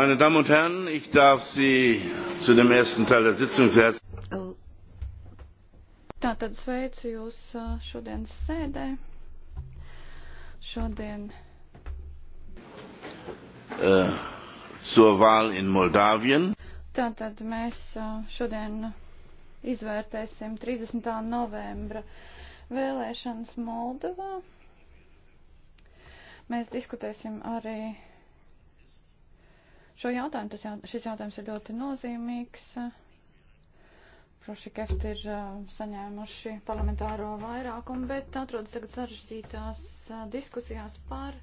Meine Damen und Herren, ich darf Sie zu dem ersten Teil der Sitzung sehr Tātad sveicu jūs šodienas sēdē. Šodien. Uh, zur Wahl in Moldawien. Tātad mēs šodien izvērtēsim 30. novembra vēlēšanas Moldovā. Mēs diskutēsim arī šo jautājumu. Tas, jaut, šis jautājums ir ļoti nozīmīgs. Proši Keft ir saņēmuši parlamentāro vairākumu, bet atrodas tagad sarežģītās diskusijās par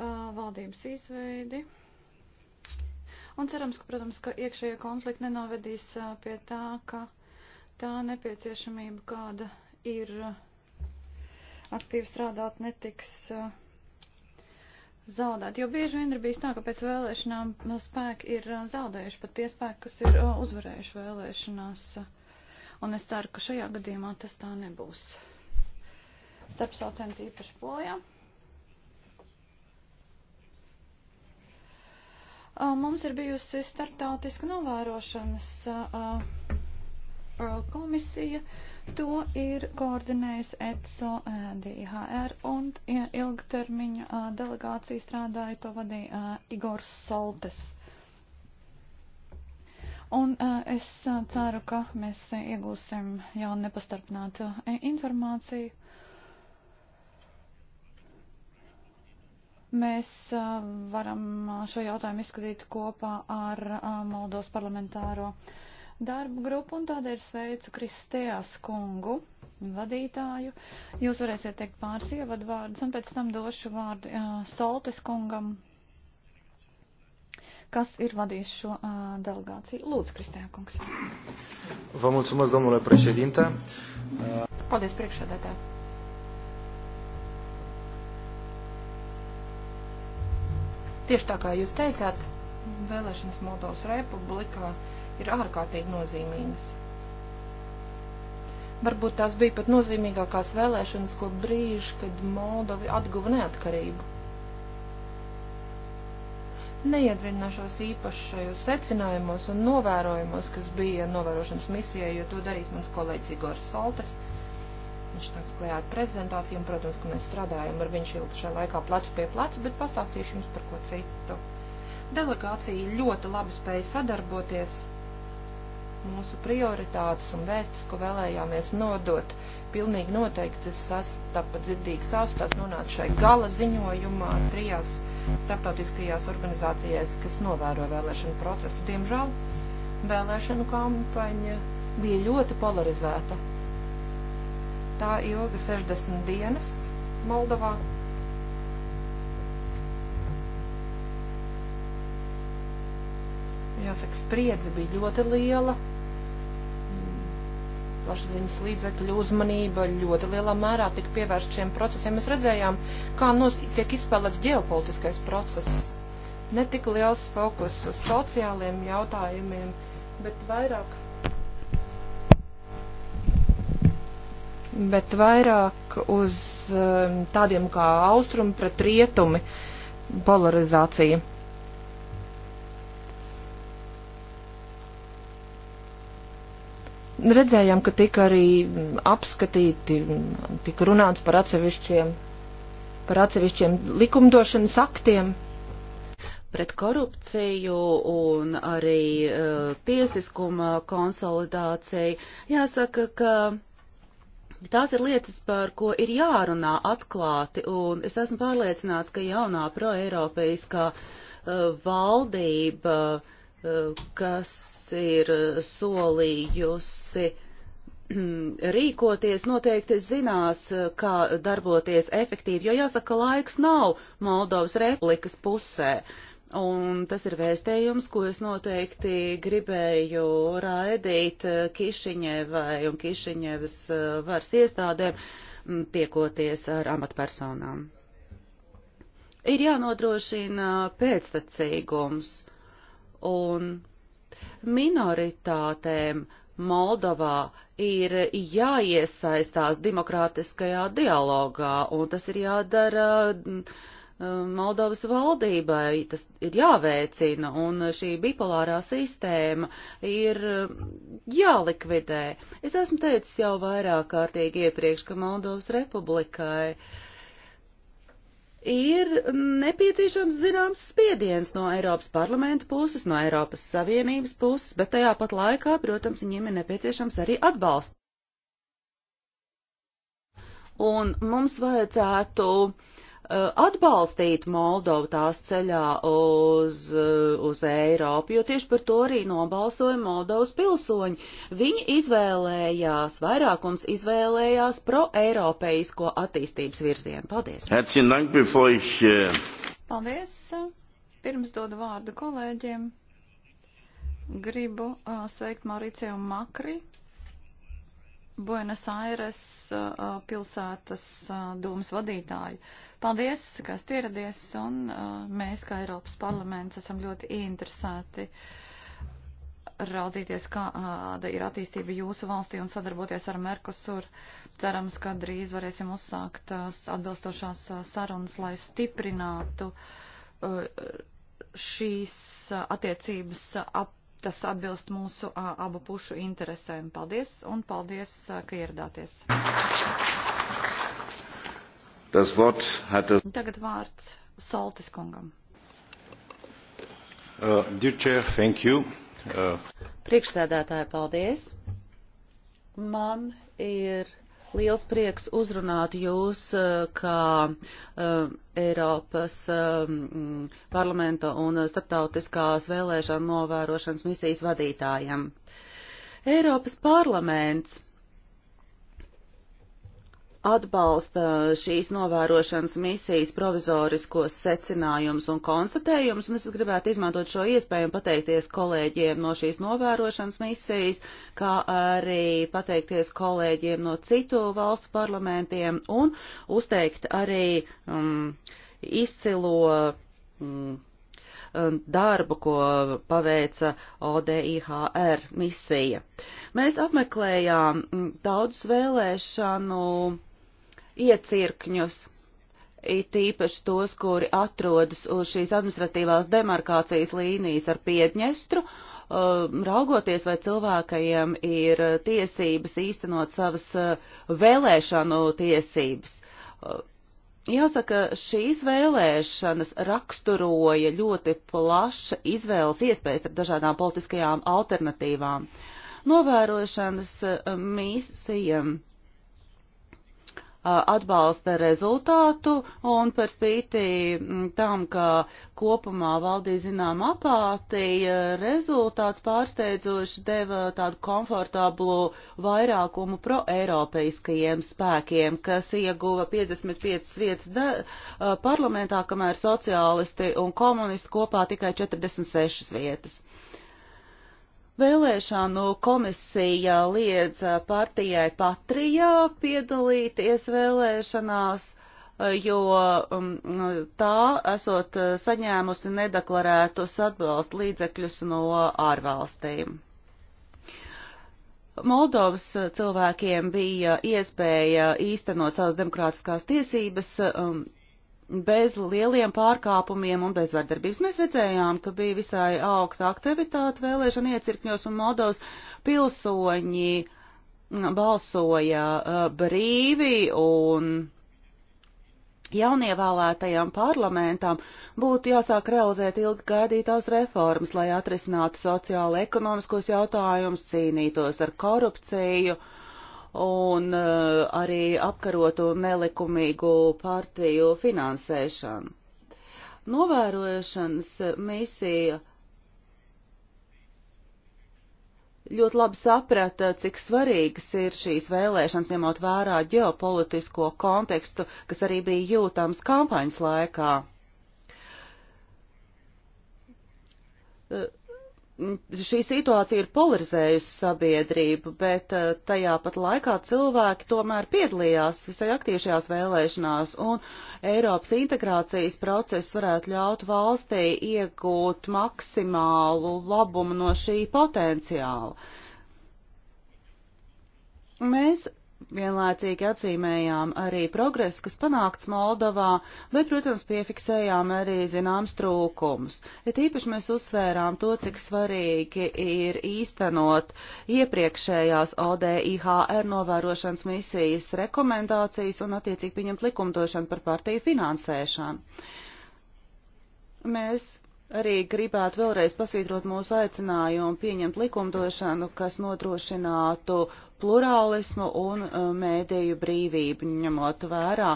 valdības izveidi. Un cerams, ka, protams, ka iekšējie konflikti nenovedīs pie tā, ka tā nepieciešamība, kāda ir aktīvi strādāt, netiks uh, zaudēt, jo bieži vien ir bijis tā, ka pēc vēlēšanām uh, spēki ir uh, zaudējuši, pat tie spēki, kas ir uh, uzvarējuši vēlēšanās. Un es ceru, ka šajā gadījumā tas tā nebūs. Starp saucens īpaši polijā. Mums ir bijusi starptautiska novērošanas komisija. Uh, To ir koordinējis ETSO, eh, DHR un ilgtermiņa eh, delegācija strādāja, to vadīja eh, Igors Soltes. Un es ceru, ka mēs iegūsim jau nepastarpinātu informāciju. Mēs varam šo jautājumu izskatīt kopā ar Moldovas parlamentāro uh, darba grupu, un tādēļ sveicu Kristējas kungu, vadītāju. Jūs varēsiet teikt pāris ievadu vārdus, un pēc tam došu vārdu uh, Soltes kungam, kas ir vadījis šo uh, delegāciju. Lūdzu, Kristēja kungs. Vă mulțumesc, domnule președinte. Paldies, priekšsēdētāji. Tieši tā kā jūs teicāt, vēlēšanas Moldovas republikā uh, ir ārkārtīgi nozīmīgas. Varbūt tās bija pat nozīmīgākās vēlēšanas, ko brīži, kad Moldovi atguva neatkarību. Neiedzināšos īpaši šajos secinājumos un novērojumos, kas bija novērošanas misijai, jo to darīs mans kolēģis Igors Saltes. Viņš nāks klējā ar prezentāciju, un, protams, ka mēs strādājam ar viņš ilgi šajā laikā plecu pie pleca, bet pastāstīšu jums par ko citu. Delegācija ļoti labi spēja sadarboties mūsu prioritātes un vēstis, ko vēlējāmies nodot. Pilnīgi noteikti tas tāpat dzirdīgi saustās nonāca šai gala ziņojumā trijās starptautiskajās organizācijās, kas novēro vēlēšanu procesu. Diemžēl vēlēšanu kampaņa bija ļoti polarizēta. Tā ilga 60 dienas Moldovā Jāsaka, spriedze bija ļoti liela. Plašsaziņas līdzekļu uzmanība ļoti lielā mērā tika pievērsta šiem procesiem. Mēs redzējām, kā nos, tiek izspēlēts ģeopolitiskais process. Ne tik liels fokus uz sociāliem jautājumiem, bet vairāk bet vairāk uz um, tādiem kā austrumi pret rietumi polarizācija. Redzējām, ka tika arī apskatīti, tika runāts par atsevišķiem, par atsevišķiem likumdošanas aktiem pret korupciju un arī uh, tiesiskuma konsolidāciju. Jāsaka, ka tās ir lietas, par ko ir jārunā atklāti, un es esmu pārliecināts, ka jaunā proeiropeiskā uh, valdība uh, kas ir solījusi rīkoties, noteikti zinās, kā darboties efektīvi, jo jāsaka, laiks nav Moldovas republikas pusē. Un tas ir vēstējums, ko es noteikti gribēju raidīt Kišiņevai un Kišiņevas eh, varas iestādēm, tiekoties ar amatpersonām. Ir jānodrošina pēctecīgums. Uh, un minoritātēm Moldovā ir jāiesaistās demokrātiskajā dialogā, un tas ir jādara mm, mm, Moldovas valdībai, tas ir jāveicina, un šī bipolārā sistēma ir mm, jālikvidē. Es esmu teicis jau vairāk kārtīgi iepriekš, ka Moldovas republikai uh, ir nepieciešams zināms spiediens no Eiropas parlamenta puses, no Eiropas Savienības puses, bet tajā pat laikā, protams, viņiem ir nepieciešams arī atbalsts. Un mums vajadzētu uh, Eh, atbalstīt Moldovu tās ceļā uz, eh, uz Eiropu, jo tieši par to arī nobalsoja Moldovas pilsoņi. Viņi izvēlējās, vairākums izvēlējās pro-eiropeisko attīstības virzienu. Paldies! Äh, Paldies! Pirms dodu vārdu kolēģiem, gribu uh, sveikt Mauriciju Makri, Buenos Aires uh, uh, pilsētas uh, dūmas vadītāju. Paldies, kas ieradies, un mēs, kā Eiropas parlaments, esam ļoti interesēti raudzīties, kāda ir attīstība jūsu valstī un sadarboties ar Merkosur. Cerams, ka drīz varēsim uzsākt atbilstošās sarunas, lai stiprinātu šīs attiecības ap tas atbilst mūsu abu pušu interesēm. Paldies un paldies, ka ieradāties. Tas vārds hatte. Tagad vārds Soltis kungam. Uh, dear chair, thank you. Uh. Priekšsēdētāji, paldies. Man ir liels prieks uzrunāt jūs eh, kā uh, Eiropas um, parlamenta un starptautiskās vēlēšana novērošanas misijas vadītājam. Eiropas parlaments atbalsta šīs novērošanas misijas provizoriskos secinājumus un konstatējumus, un es gribētu izmantot šo iespēju un pateikties kolēģiem no šīs novērošanas misijas, kā arī pateikties kolēģiem no citu valstu parlamentiem un uzteikt arī um, izcilo um, um darbu, ko paveica ODIHR misija. Mēs apmeklējām mm, daudz vēlēšanu iecirkņus, it īpaši tos, kuri atrodas uz šīs administratīvās demarkācijas līnijas ar Piedņestru, um, raugoties, vai cilvēkajiem ir uh, tiesības īstenot savas uh, vēlēšanu tiesības. Uh, jāsaka, šīs vēlēšanas raksturoja ļoti plaša izvēles iespējas ar dažādām politiskajām alternatīvām. Novērošanas misijām atbalsta rezultātu un par spīti mm, tam, ka kopumā valdīja zinām apātija, rezultāts pārsteidzoši deva tādu komfortablu vairākumu proeiropeiskajiem spēkiem, kas ieguva 55 vietas da, parlamentā, kamēr sociālisti un komunisti kopā tikai 46 vietas vēlēšanu komisija liedz partijai Patrijā piedalīties vēlēšanās, jo um, tā esot saņēmusi nedeklarētus atbalstu līdzekļus no ārvalstīm. Moldovas cilvēkiem bija iespēja īstenot savas demokrātiskās tiesības, um, bez lieliem pārkāpumiem un bez vardarbības. Mēs redzējām, ka bija visai augsta aktivitāte vēlēšana iecirkņos un modos pilsoņi balsoja uh, brīvi un jaunievēlētajām parlamentām būtu jāsāk realizēt ilgi gaidītās reformas, lai atrisinātu sociāli ekonomiskos jautājumus, cīnītos ar korupciju, uh, un uh, arī apkarotu nelikumīgu partiju finansēšanu. Novērošanas misija ļoti labi saprata, cik svarīgas ir šīs vēlēšanas, ņemot vērā ģeopolitisko kontekstu, kas arī bija jūtams kampaņas laikā. Uh, Mm, šī situācija ir polarizējusi sabiedrību, bet eh, tajā pat laikā cilvēki tomēr piedalījās visai aktīvi šajās vēlēšanās, un Eiropas integrācijas process varētu ļaut valstī iegūt maksimālu labumu no šī potenciāla. Mēs vienlaicīgi atzīmējām arī progresu, kas panākts Moldovā, bet, protams, piefiksējām arī zināms trūkumus. Ir īpaši mēs uzsvērām to, cik svarīgi ir īstenot iepriekšējās ODIHR novērošanas misijas rekomendācijas un attiecīgi pieņemt likumdošanu par partiju finansēšanu. Mēs Arī gribētu vēlreiz pasvītrot mūsu aicinājumu pieņemt likumdošanu, kas nodrošinātu plurālismu un uh, mēdīju brīvību, ņemot vērā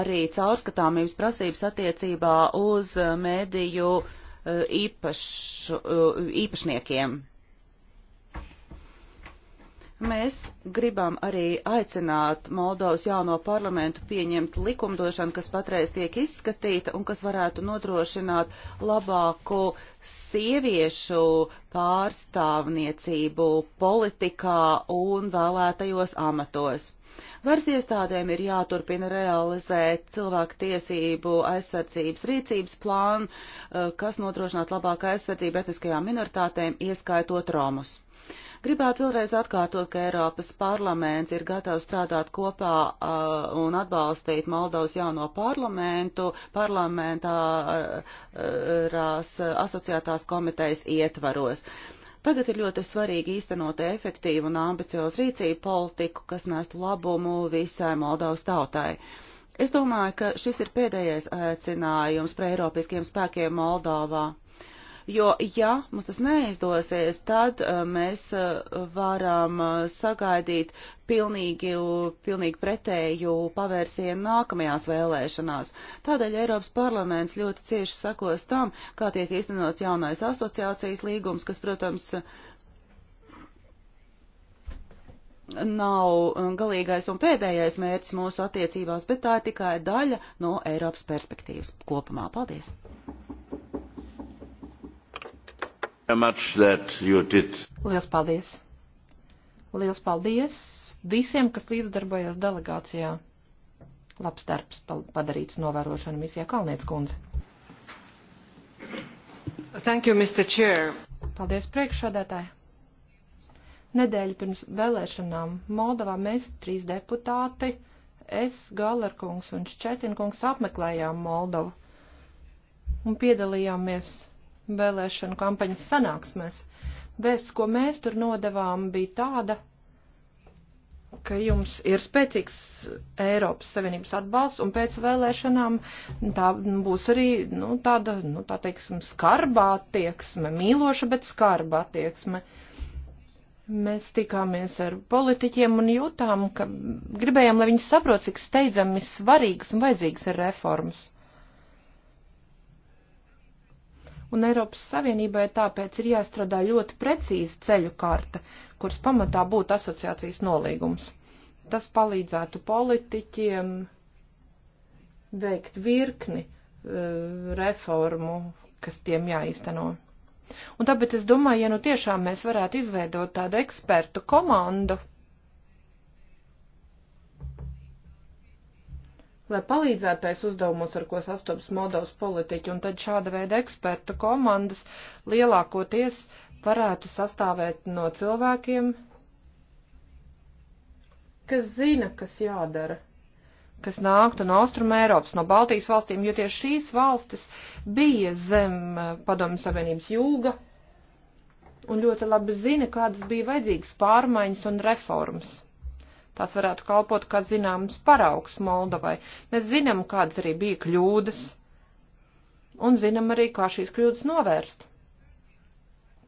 arī caurskatāmības prasības attiecībā uz uh, mēdīju uh, īpaš, īpašniekiem. Mēs gribam arī aicināt Moldovas jauno parlamentu pieņemt likumdošanu, kas patreiz tiek izskatīta un kas varētu nodrošināt labāku sieviešu pārstāvniecību politikā un vēlētajos amatos. Varas iestādēm ir jāturpina realizēt cilvēku tiesību aizsardzības rīcības plānu, eh, kas nodrošinātu labāku aizsardzību etniskajām minoritātēm, ieskaitot Romus. Gribētu vēlreiz atkārtot, ka Eiropas parlaments ir gatavs strādāt kopā uh, un atbalstīt Moldovas jauno parlamentu parlamentārās uh, uh, uh, asociētās komitejas ietvaros. Tagad ir ļoti svarīgi īstenot efektīvu un ambiciozu rīcību politiku, kas nestu labumu visai Moldovas tautai. Es domāju, ka šis ir pēdējais aicinājums pre Eiropiskiem spēkiem Moldovā jo ja mums tas neizdosies, tad uh, mēs uh, varam uh, sagaidīt pilnīgi, pilnīgi pretēju pavērsienu nākamajās vēlēšanās. Tādēļ Eiropas parlaments ļoti cieši sakos tam, kā tiek īstenots jaunais asociācijas līgums, kas, protams, nav um, galīgais un pēdējais mērķis mūsu attiecībās, bet tā ir tikai daļa no Eiropas perspektīvas kopumā. Paldies! Lielas paldies! Lielas paldies visiem, kas līdzdarbojās delegācijā. Labs darbs padarīts novērošana misijā Kalniec kundze. Thank you, Mr. Chair. Paldies priekšsādātāji. Nedēļu pirms vēlēšanām Moldovā mēs trīs deputāti, es, Galerkungs un Ščetinkungs apmeklējām Moldovu un piedalījāmies vēlēšanu kampaņas sanāksmēs. Vēsts, ko mēs tur nodevām, bija tāda, ka jums ir spēcīgs Eiropas Savienības atbalsts, un pēc vēlēšanām tā būs arī, nu, tāda, nu, tā teiksim, skarbā attieksme, mīloša, bet skarbā attieksme. Mēs tikāmies ar politiķiem un jūtām, ka gribējām, lai viņi saprot, cik steidzami svarīgas un vajadzīgas ir reformas. un Eiropas Savienībai tāpēc ir jāstrādā ļoti precīzi ceļu karta, kuras pamatā būtu asociācijas nolīgums. Tas palīdzētu politiķiem veikt virkni uh, reformu, kas tiem jāizteno. Un tāpēc es domāju, ja nu tiešām mēs varētu izveidot tādu ekspertu komandu, lai palīdzētu tais uzdevumos, ar ko sastopas Moldovas politiķi, un tad šāda veida eksperta komandas lielākoties varētu sastāvēt no cilvēkiem, kas zina, kas jādara, kas nāktu no Austrum Eiropas, no Baltijas valstīm, jo tieši šīs valstis bija zem eh, Padomju Savienības jūga un ļoti labi zina, kādas bija vajadzīgas pārmaiņas un reformas. Tās varētu kalpot kā zināms paraugs Moldovai. Mēs zinām, kādas arī bija kļūdas, un zinām arī, kā šīs kļūdas novērst.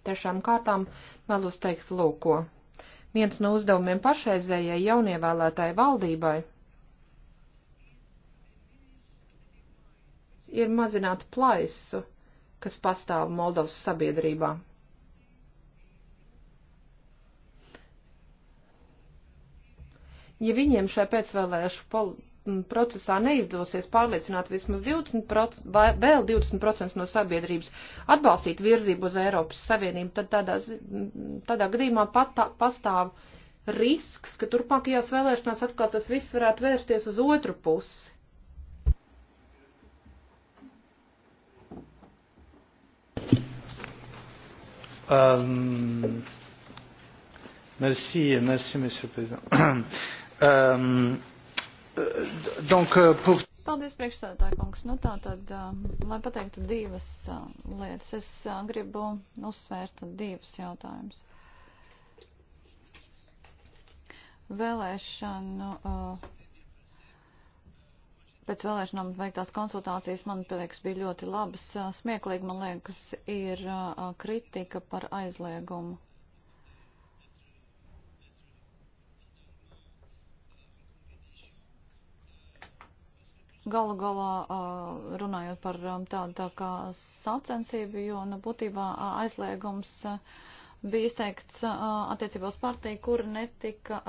Tiešām kārtām vēlos teikt lūko. Viens no uzdevumiem pašreizējai jaunievēlētāji valdībai ir mazināt plaisu, kas pastāv Moldovas sabiedrībā. ja viņiem šai pēcvēlēšu procesā neizdosies pārliecināt vismaz 20%, vai vēl 20% no sabiedrības atbalstīt virzību uz Eiropas Savienību, tad tādā, tādā gadījumā pat tā, pastāv risks, ka turpmākajās vēlēšanās atkal tas viss varētu vērsties uz otru pusi. Um, merci, merci, monsieur le président. Um, donc, euh, pour... Paldies, priekšsēdētāji kungs. Nu, tā tad, um, lai pateiktu divas uh, lietas, es uh, gribu uzsvērt divus jautājumus. Vēlēšanu uh, pēc vēlēšanām veiktās konsultācijas, man liekas, bija ļoti labas. Uh, smieklīgi, man liekas, ir kritika par aizliegumu. galu galā runājot par tādu tā kā sacensību, jo, nu, būtībā aizliegums bija izteikts attiecībā uz partiju, kur netika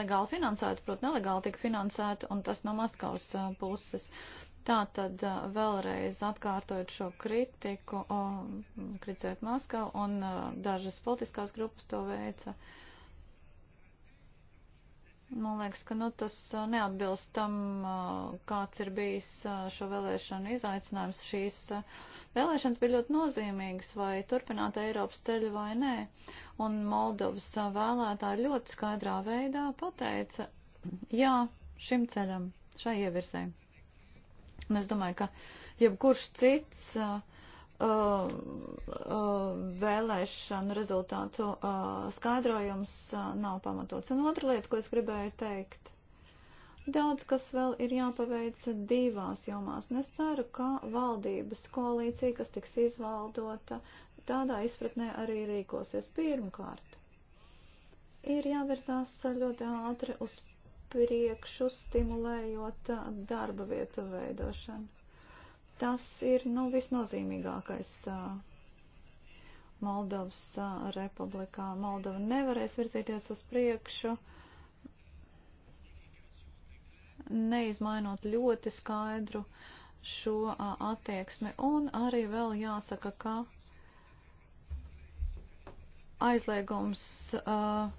legāli finansēta, proti, nelegāli tika finansēta, un tas no Maskavas puses. Tātad vēlreiz atkārtojot šo kritiku, kritizēt Maskavu, un dažas politiskās grupas to veica. Uh, Man liekas, ka nu, tas uh, neatbilst tam, uh, kāds ir bijis uh, šo vēlēšanu izaicinājums. Šīs vēlēšanas bija ļoti nozīmīgas, vai turpināt Eiropas ceļu vai nē. Un Moldovas vēlētāji ļoti skaidrā veidā pateica jā šim ceļam, šai ievirzēm. Un es domāju, ka jebkurš cits. Uh, Uh, uh, vēlēšanu rezultātu uh, skaidrojums uh, nav pamatots. Un otra lieta, ko es gribēju teikt, daudz kas vēl ir jāpaveic divās jomās. Un es ceru, ka valdības koalīcija, kas tiks izvaldota, tādā izpratnē arī rīkosies. Pirmkārt, ir jāvirzās ļoti ātri uz priekšu, stimulējot darba vietu veidošanu Tas ir nu, visnozīmīgākais Moldovas republikā. Moldova nevarēs virzīties uz priekšu, neizmainot ļoti skaidru šo attieksmi. Un arī vēl jāsaka, ka aizliegums. Uh,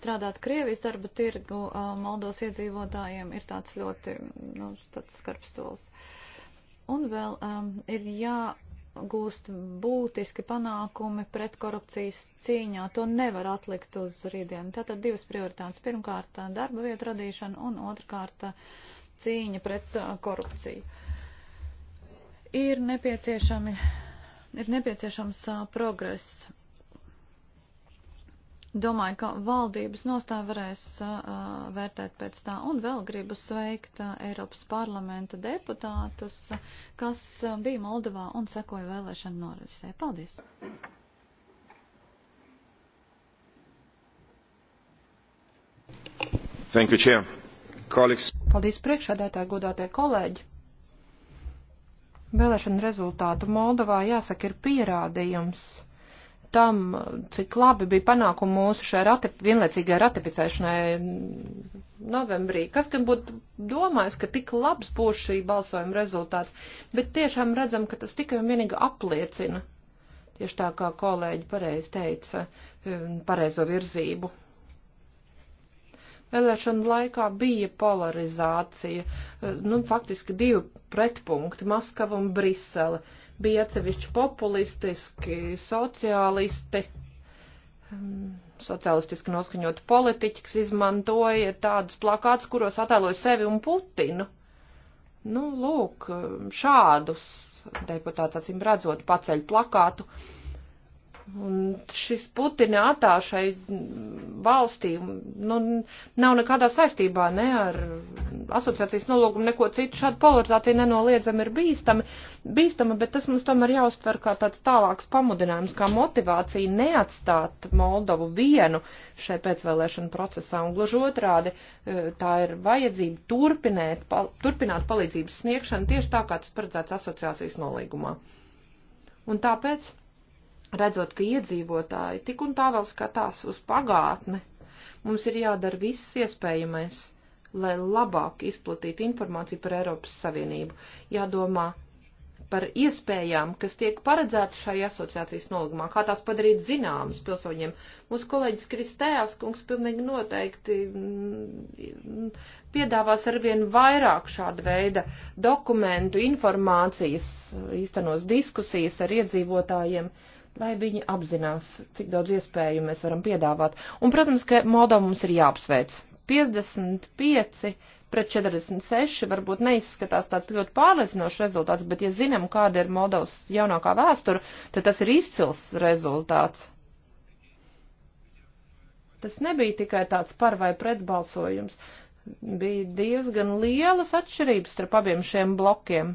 strādāt Krievijas darba tirgu Moldovas iedzīvotājiem ir tāds ļoti nu, tāds skarbs solis. Uh, Un vēl um, ir jāgūst būtiski panākumi pret korupcijas cīņā. To nevar atlikt uz rītdienu. Tātad divas prioritātes. Pirmkārt, darba vietu radīšana un otrkārt, cīņa pret uh, korupciju. Ir nepieciešami. Ir nepieciešams uh, progress Domāju, ka valdības nostāja varēs uh, uh, vērtēt pēc tā. Un vēl gribu sveikt uh, Eiropas parlamenta deputātus, uh, kas uh, bija Moldovā un sekoja vēlēšanu norisē. Paldies! Thank you, Chair. Colleagues. Paldies priekšādētāji, godātie kolēģi! Vēlēšana rezultātu Moldovā jāsaka ir pierādījums tam, cik labi bija panākumi mūsu šai ratif vienlaicīgai ratificēšanai novembrī. Kas gan būtu domājis, ka tik labs būs šī balsojuma rezultāts, bet tiešām redzam, ka tas tikai un vienīgi apliecina, tieši tā kā kolēģi pareizi teica, um, pareizo virzību. Vēlēšana laikā bija polarizācija, uh, nu, faktiski divi pretpunkti - Maskava un Brisele bija atsevišķi populistiski, sociālisti, mm, sociālistiski noskaņoti politiķi, kas izmantoja tādus plakātus, kuros attēloja sevi un Putinu. Nu, lūk, šādus deputāts acīm redzot paceļ plakātu. Uh, Un šis Putina atāšai valstī nu, nav nekādā saistībā ne ar asociācijas nolūgumu, neko citu. Šāda polarizācija nenoliedzami ir bīstama, bīstama, bet tas mums tomēr jāuztver kā tāds tālāks pamudinājums, kā motivācija neatstāt Moldovu vienu šai pēcvēlēšanu procesā. Un gluži otrādi, e, tā ir vajadzība turpināt, pal turpināt palīdzības sniegšanu tieši tā, kā tas paredzēts asociācijas nolīgumā. Un tāpēc redzot, ka iedzīvotāji tik un tā vēl skatās uz pagātni, mums ir jādara viss iespējamais, lai labāk izplatītu informāciju par Eiropas Savienību. Jādomā par iespējām, kas tiek paredzētas šai asociācijas nolīgumā, kā tās padarīt zināmas pilsoņiem. Mūsu kolēģis Kristējās kungs pilnīgi noteikti mm, piedāvās arvien vairāk šāda veida dokumentu, informācijas, īstenos diskusijas ar iedzīvotājiem. Uh, lai viņi apzinās, cik daudz iespēju mēs varam piedāvāt. Un, protams, ka Moldova mums ir jāapsveic. 55 pret 46 varbūt neizskatās tāds ļoti pārliecinošs rezultāts, bet, ja zinām, kāda ir Moldovas jaunākā vēsture, tad tas ir izcils rezultāts. Tas nebija tikai tāds par vai pret balsojums. Bija diezgan lielas atšķirības starp abiem šiem blokiem.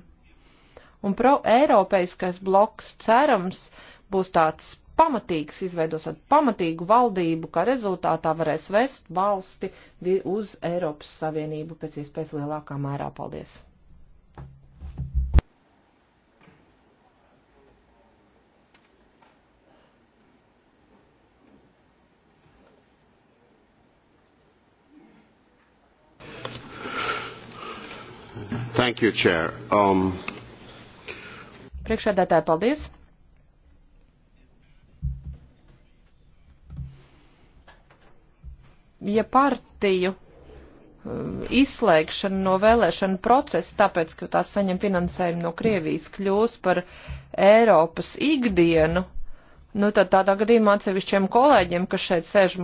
Un pro-eiropeiskais bloks cerams, uh, būs tāds pamatīgs, izveidos tādu pamatīgu valdību, kā rezultātā varēs vest valsti uz Eiropas Savienību pēc iespējas lielākā mērā. Paldies! Thank you, Chair. Um... Priekšēdētāji, paldies! ja partiju eh, izslēgšana no vēlēšana procesa, tāpēc, ka tās saņem finansējumu no Krievijas, kļūs par Eiropas ikdienu, nu tad tādā gadījumā atsevišķiem kolēģiem, kas šeit sēž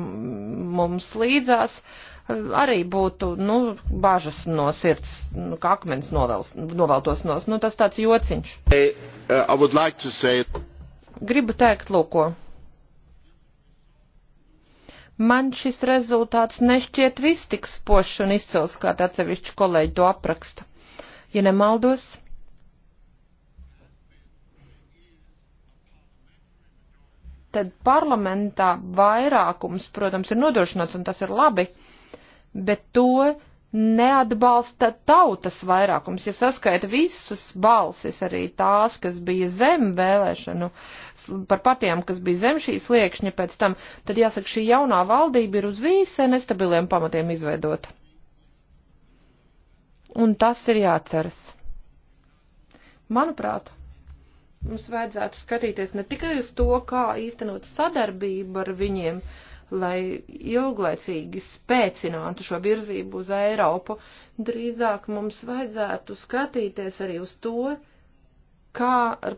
mums līdzās, eh, arī būtu, nu, bažas no sirds, nu, kā akmens novels, noveltos nos. Nu, tas tāds jociņš. Hey, uh, like say... Gribu teikt, lūko Man šis rezultāts nešķiet viss tik spošs un izcils, kā atsevišķi kolēģi to apraksta. Ja nemaldos, tad parlamentā vairākums, protams, ir nodrošināts, un tas ir labi, bet to neatbalsta tautas vairākums. Ja saskaita visus balsis, arī tās, kas bija zem vēlēšanu, par partijām, kas bija zem šīs liekšņa pēc tam, tad jāsaka, šī jaunā valdība ir uz visai nestabiliem pamatiem izveidota. Un tas ir jāceras. Manuprāt, mums vajadzētu skatīties ne tikai uz to, kā īstenot sadarbību ar viņiem, uh, lai ilglaicīgi spēcinātu šo virzību uz Eiropu, drīzāk mums vajadzētu skatīties arī uz to, kā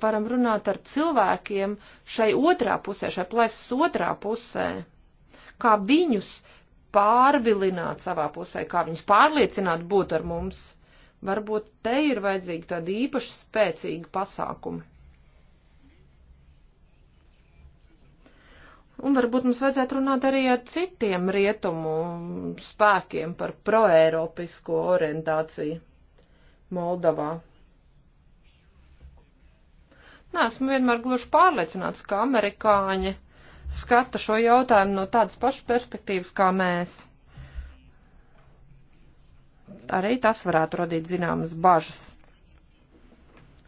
varam runāt ar cilvēkiem šai otrā pusē, šai plēsas otrā pusē, kā viņus pārvilināt savā pusē, kā viņus pārliecināt būt ar mums. Varbūt te ir vajadzīgi tādi īpaši spēcīgi pasākumi. Un varbūt mums vajadzētu runāt arī ar citiem rietumu spēkiem par proeiropisko orientāciju Moldavā. Nesmu vienmēr gluži pārliecināts, ka amerikāņi skata šo jautājumu no tādas pašas perspektīvas kā mēs. Arī tas varētu radīt zināmas bažas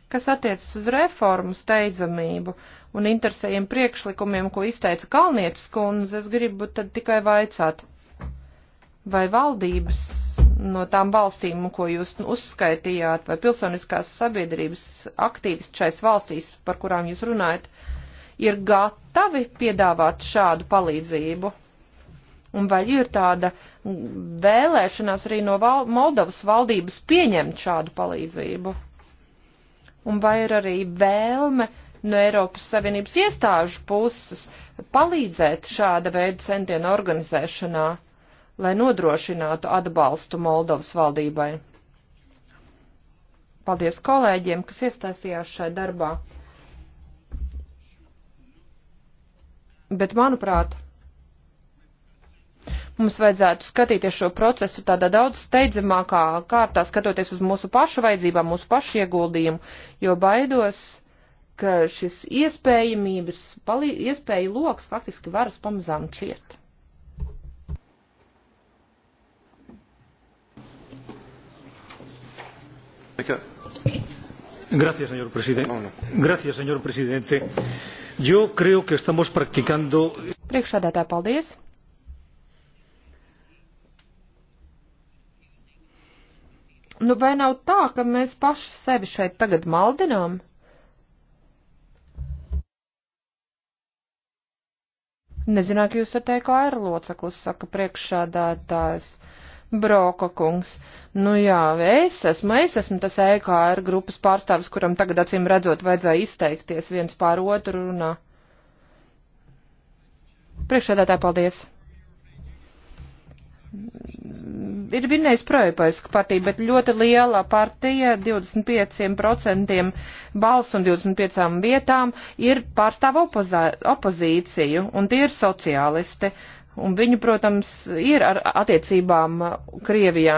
kas attiecas uz reformu steidzamību un interesējiem priekšlikumiem, ko izteica Kalnietis kundze, es gribu tad tikai vaicāt, vai valdības no tām valstīm, ko jūs uzskaitījāt, vai pilsoniskās sabiedrības aktīvisti šais valstīs, par kurām jūs runājat, ir gatavi piedāvāt šādu palīdzību? Un vai ir tāda vēlēšanās arī no val Moldovas valdības pieņemt šādu palīdzību? un vai ir arī vēlme no Eiropas Savienības iestāžu puses palīdzēt šāda veida centienu organizēšanā, lai nodrošinātu atbalstu Moldovas valdībai. Paldies kolēģiem, kas iestāstījās šai darbā. Bet, manuprāt, Mums vajadzētu skatīties šo procesu tādā daudz steidzamākā kārtā, skatoties uz mūsu pašu vajadzībām, mūsu pašu ieguldījumu, jo baidos, ka šis iespējamības, iespēju loks faktiski varas pamazām ciet. Gracias, señor presidente. Gracias, señor presidente. Yo creo que estamos practicando. Priekšsādātā, paldies. Nu, vai nav tā, ka mēs paši sevi šeit tagad maldinām? Nezināju, ka jūs esat EKR loceklis, saka priekšsādātājs Broka kungs. Nu jā, es esmu, es esmu tas EKR grupas pārstāvis, kuram tagad acīm redzot vajadzēja izteikties viens pār otru runā. Priekšsādātāji, paldies! ir vinnējis projepaiska partija, bet ļoti liela partija 25% balsu un 25 vietām ir pārstāv opozā, opozīciju, un tie ir sociālisti. Un viņi, protams, ir ar attiecībām uh, Krievijā.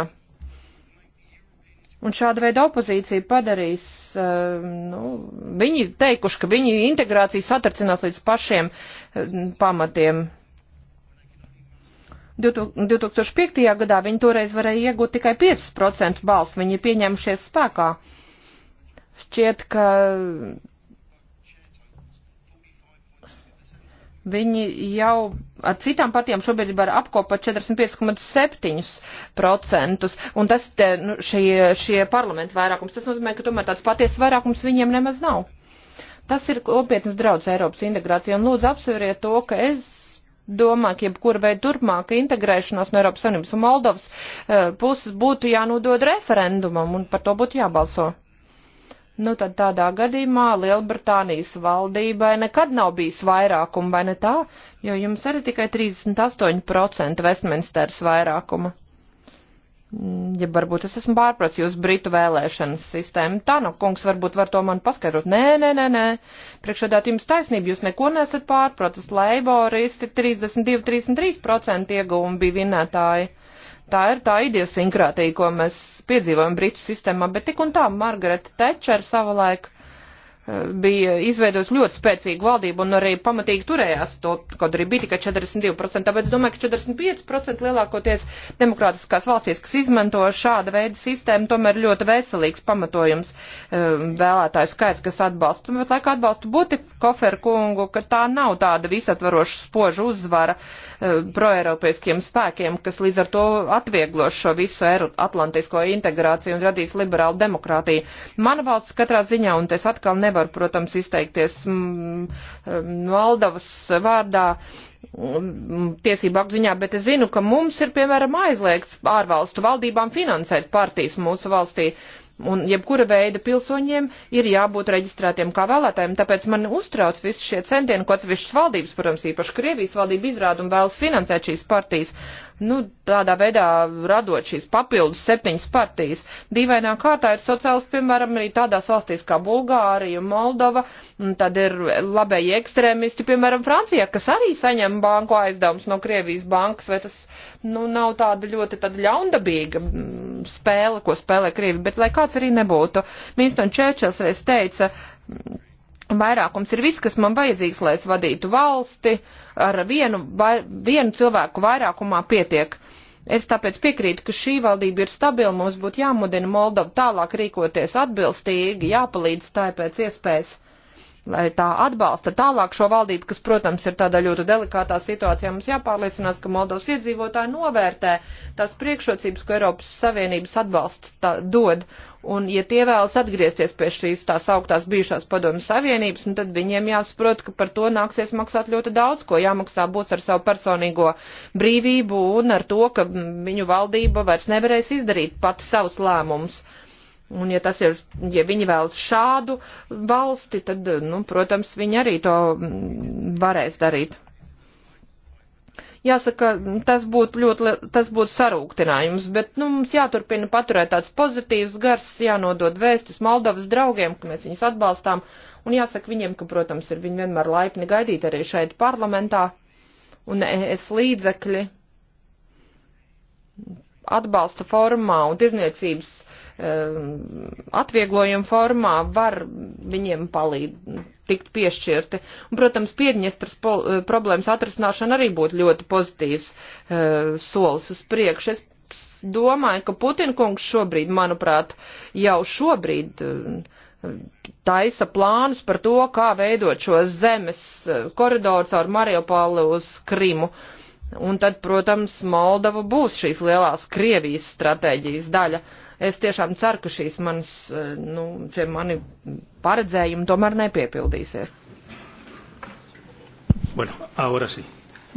Un šāda veida opozīcija padarīs, uh, nu, viņi teikuši, ka viņi integrāciju satracinās līdz pašiem uh, pamatiem. 2005. gadā viņi toreiz varēja iegūt tikai 5% balsu, viņi ir pieņēmušies spēkā. Šķiet, ka viņi jau ar citām partijām šobrīd var apkopot 45,7%, un tas te, nu, šie, šie parlamenta vairākums, tas nozīmē, ka tomēr tāds paties vairākums viņiem nemaz nav. Tas ir kopietnas draudz Eiropas integrācija, un lūdzu apsveriet to, ka es domā, ka jebkura veida turpmāka integrēšanās no Eiropas Savienības un Moldovas eh, puses būtu jānodod referendumam un par to būtu jābalso. Nu, tad tādā gadījumā Lielbritānijas valdībai nekad nav bijis vairākuma, vai ne tā? Jo jums arī tikai 38% Westminsters vairākuma. Ja varbūt es esmu pārprats jūsu britu vēlēšanas sistēmu, tā nu, kungs, varbūt var to man paskaidrot. Nē, nē, nē, nē, priekšādāt jums taisnība, jūs neko nesat pārprats. Leiboristi 32-33% ieguvumi bija vinētāji. Tā ir tā idiosinkrātija, ko mēs piedzīvojam britu sistēmā, bet tik un tā Margaret Thatcher savulaik bija izveidojusi ļoti spēcīgu valdību un arī pamatīgi turējās to, kaut arī bija tikai 42%, tāpēc domāju, ka 45% lielākoties demokrātiskās valstīs, kas izmanto šāda veida sistēmu, tomēr ļoti veselīgs pamatojums um, vēlētāju skaits, kas atbalsta. Bet laikā atbalstu Butikoferu kungu, ka tā nav tāda visatvaroša spoža uzvara um, proeiropieskiem spēkiem, kas līdz ar to atvieglos šo visu atlantisko integrāciju un radīs liberālu demokrātiju. Mana valsts katrā ziņā, un es atkal nevaru nevaru, protams, izteikties Moldavas mm, mm, vārdā mm, tiesību apziņā, bet es zinu, ka mums ir, piemēram, aizliegts ārvalstu valdībām finansēt partijas mūsu valstī. Un jebkura veida pilsoņiem ir jābūt reģistrētiem kā vēlētājiem, tāpēc man uztrauc visi šie centieni, ko atsevišķas valdības, protams, īpaši Krievijas valdība izrāda un vēlas finansēt šīs partijas nu, tādā veidā radot šīs papildus septiņas partijas. Dīvainā kārtā ir sociālisti, piemēram, arī tādās valstīs kā Bulgārija, Moldova, un tad ir labēji ekstrēmisti, piemēram, Francijā, kas arī saņem banku aizdevums no Krievijas bankas, vai tas, nu, nav tāda ļoti tāda ļaundabīga mm, spēle, ko spēlē Krievi, bet lai kāds arī nebūtu. Winston Churchills reiz teica, Vairākums ir viss, kas man vajadzīgs, lai es vadītu valsti, ar vienu, vai, vienu cilvēku vairākumā pietiek. Es tāpēc piekrītu, ka šī valdība ir stabila, mums būtu jāmudina Moldavu tālāk rīkoties atbilstīgi, jāpalīdz tā pēc iespējas lai tā atbalsta tālāk šo valdību, kas, protams, ir tādā ļoti delikātā situācijā. Mums jāpārliecinās, ka Moldovas iedzīvotāji novērtē tās priekšrocības, ko Eiropas Savienības atbalsts tā, dod. Un, ja tie vēlas atgriezties pie šīs tās augtās bijušās padomju savienības, nu, tad viņiem jāsaprot, ka par to nāksies maksāt ļoti daudz, ko jāmaksā būs ar savu personīgo brīvību un ar to, ka viņu valdība vairs nevarēs izdarīt pati savus lēmumus. Uh, Un ja tas ir, ja viņi vēlas šādu valsti, tad, nu, protams, viņi arī to varēs darīt. Jāsaka, tas būtu ļoti, tas būtu sarūktinājums, bet, nu, mums jāturpina paturēt tāds pozitīvs gars, jānodod vēstis Moldovas draugiem, ka mēs viņus atbalstām, un jāsaka viņiem, ka, protams, ir viņi vienmēr laipni gaidīt arī šeit parlamentā, un es līdzekļi atbalsta formā un tirniecības Um, atvieglojumu formā var viņiem palīdz, tikt piešķirti. Un, protams, Piedņestras uh, problēmas atrisināšana arī būtu ļoti pozitīvs uh, solis uz priekšu. Es domāju, ka Putinkungs šobrīd, manuprāt, jau šobrīd uh, taisa plānus par to, kā veidot šo zemes uh, koridoru caur Mariupolu uz Krimu. Un tad, protams, Moldova būs šīs lielās Krievijas stratēģijas daļa. Uh, Es tiešām ceru, ka šīs manas, eh, nu, šie mani paredzējumi tomēr nepiepildīsies. Bueno, ahora sí.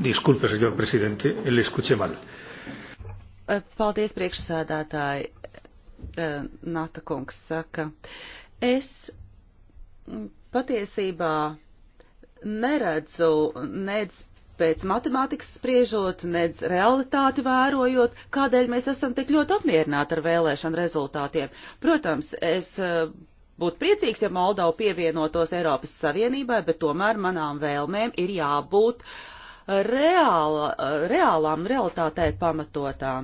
Disculpe, señor presidente, le escuché mal. Eh, paldies, priekšsēdētāji. Eh, Nata kungs saka, es patiesībā neredzu nedz pēc matemātikas spriežot, nedz realitāti vērojot, kādēļ mēs esam tik ļoti apmierināti ar vēlēšanu rezultātiem. Protams, es e, būtu priecīgs, ja Moldova pievienotos Eiropas Savienībai, bet tomēr manām vēlmēm ir jābūt reāla, e, reālām, realitātei pamatotām.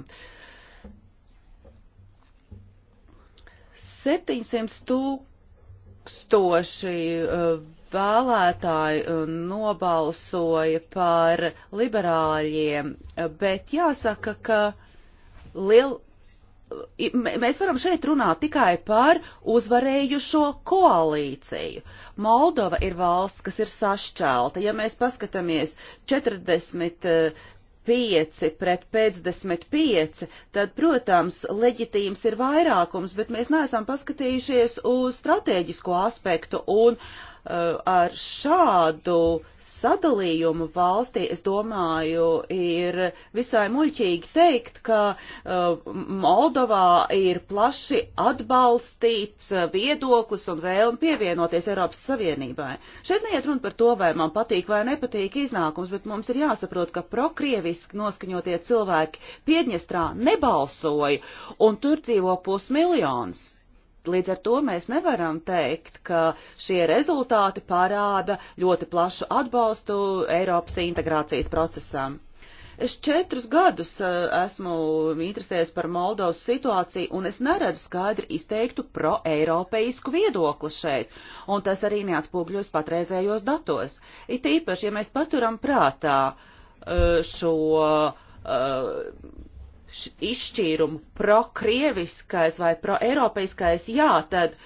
700 tūkstoši e, vēlētāji uh, nobalsoja par liberāļiem, uh, bet jāsaka, ka liel... mēs varam šeit runāt tikai par uzvarējušo koalīciju. Moldova ir valsts, kas ir sašķelta. Ja mēs paskatāmies 40 5 uh, pret 55, tad, protams, leģitīms ir vairākums, bet mēs neesam paskatījušies uz strateģisko aspektu un uh, ar šādu sadalījumu valstī, es domāju, ir visai muļķīgi teikt, ka Moldovā ir plaši atbalstīts viedoklis un vēlme pievienoties Eiropas Savienībai. Šeit neiet runa par to, vai man patīk vai nepatīk iznākums, bet mums ir jāsaprot, ka prokrieviski noskaņotie cilvēki Piedņestrā nebalsoja, un tur dzīvo pusmiljons līdz ar to mēs nevaram teikt, ka šie rezultāti parāda ļoti plašu atbalstu Eiropas integrācijas procesam. Es četrus gadus e, esmu interesējies par Moldovas situāciju, un es neredzu skaidri izteiktu pro-eiropeisku viedokli šeit, un tas arī neatspūgļos patreizējos datos. It īpaši, ja mēs paturam prātā e, šo uh, izšķīrumu prokrieviskais vai proeiropeiskais, jā, tad uh,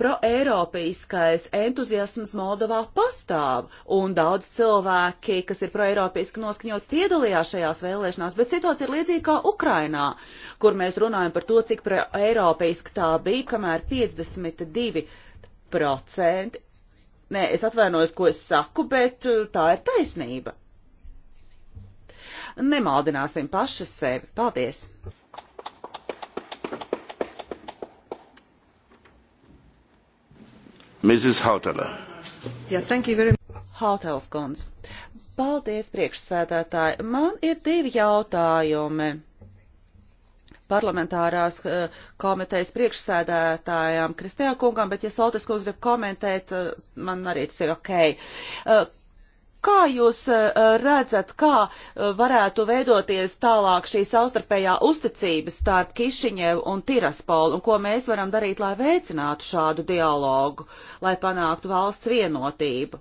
proeiropeiskais entuziasms Moldovā pastāv, un daudz cilvēki, kas ir proeiropeiski noskaņot, piedalījās šajās vēlēšanās, bet situācija ir līdzīga kā Ukrainā, kur mēs runājam par to, cik proeiropeiski tā bija, kamēr 52% Nē, es atvainojos, ko es saku, bet uh, tā ir taisnība nemaldināsim paši sevi. Paldies! Mrs. Hautala. Yeah, thank you very much. Hautels kundze. Paldies, priekšsēdētāji. Man ir divi jautājumi parlamentārās eh, komitejas priekšsēdētājām Kristijā kungam, bet ja Soltis kungs grib komentēt, eh, man arī tas ir ok. Eh, Kā jūs eh, redzat, kā eh, varētu veidoties tālāk šī savstarpējā uzticības starp Kišiņevu un Tiraspolu, un ko mēs varam darīt, lai veicinātu šādu dialogu, lai panāktu valsts vienotību?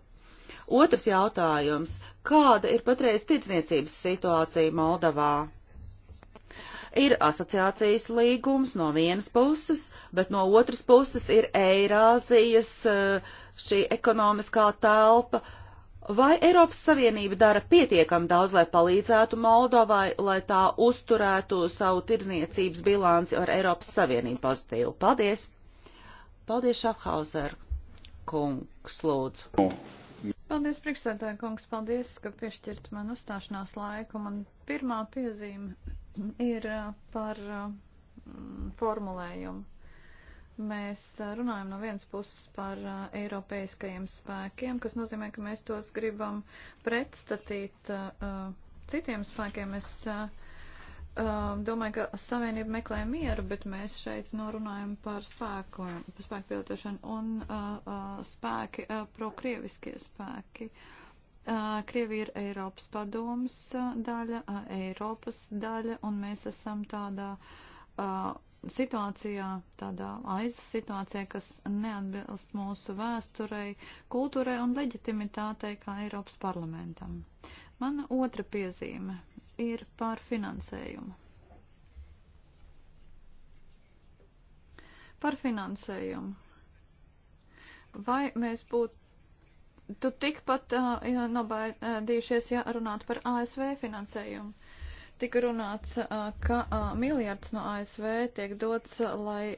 Otrs jautājums - kāda ir patreiz tirdzniecības situācija Moldavā? Ir asociācijas līgums no vienas puses, bet no otras puses ir Eirāzijas eh, šī ekonomiskā telpa, uh, Vai Eiropas Savienība dara pietiekami daudz, lai palīdzētu Moldovai, lai tā uzturētu savu tirdzniecības bilanci ar Eiropas Savienību pozitīvu? Paldies! Paldies, Šafhauser kungs, lūdzu! Paldies, priekšsētāja kungs, paldies, ka piešķirt man uzstāšanās laiku. Man pirmā piezīme ir uh, par uh, formulējumu Mēs runājam no vienas puses par uh, eiropeiskajiem spēkiem, kas nozīmē, ka mēs tos gribam pretstatīt uh, citiem spēkiem. Es uh, domāju, ka Savienība meklē mieru, bet mēs šeit norunājam par spēku, par spēku pilotošanu un uh, spēki, uh, prokrieviskie spēki. Uh, Krievija ir Eiropas padomas daļa, uh, Eiropas daļa, un mēs esam tādā uh, situācijā, tādā aizas situācijā, kas neatbilst mūsu vēsturei, kultūrai un leģitimitātei kā Eiropas parlamentam. Mana otra piezīme ir par finansējumu. Par finansējumu. Vai mēs būtu tu tikpat uh, nobaidījušies, ja runātu par ASV finansējumu? tika runāts, ka miljards no ASV tiek dots, lai,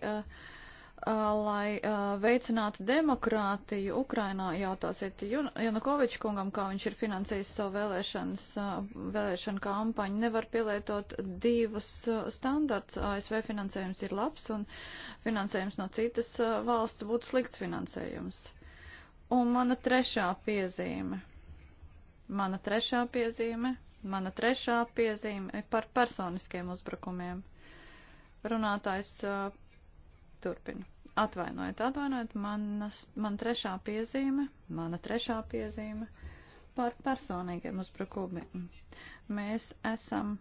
lai veicinātu demokrātiju Ukrainā. Jautāsiet Janukoviču kungam, kā viņš ir finansējis savu vēlēšanas, vēlēšanu kampaņu. Nevar pielietot divus standarts. ASV finansējums ir labs un finansējums no citas valsts būtu slikts finansējums. Un mana trešā piezīme. Mana trešā piezīme Mana trešā piezīme par personiskiem uzbrukumiem. Runātājs uh, turpina. Atvainojiet, atvainojiet, manas, man trešā piezīme, mana trešā piezīme par personīgiem uzbrukumiem. Mēs esam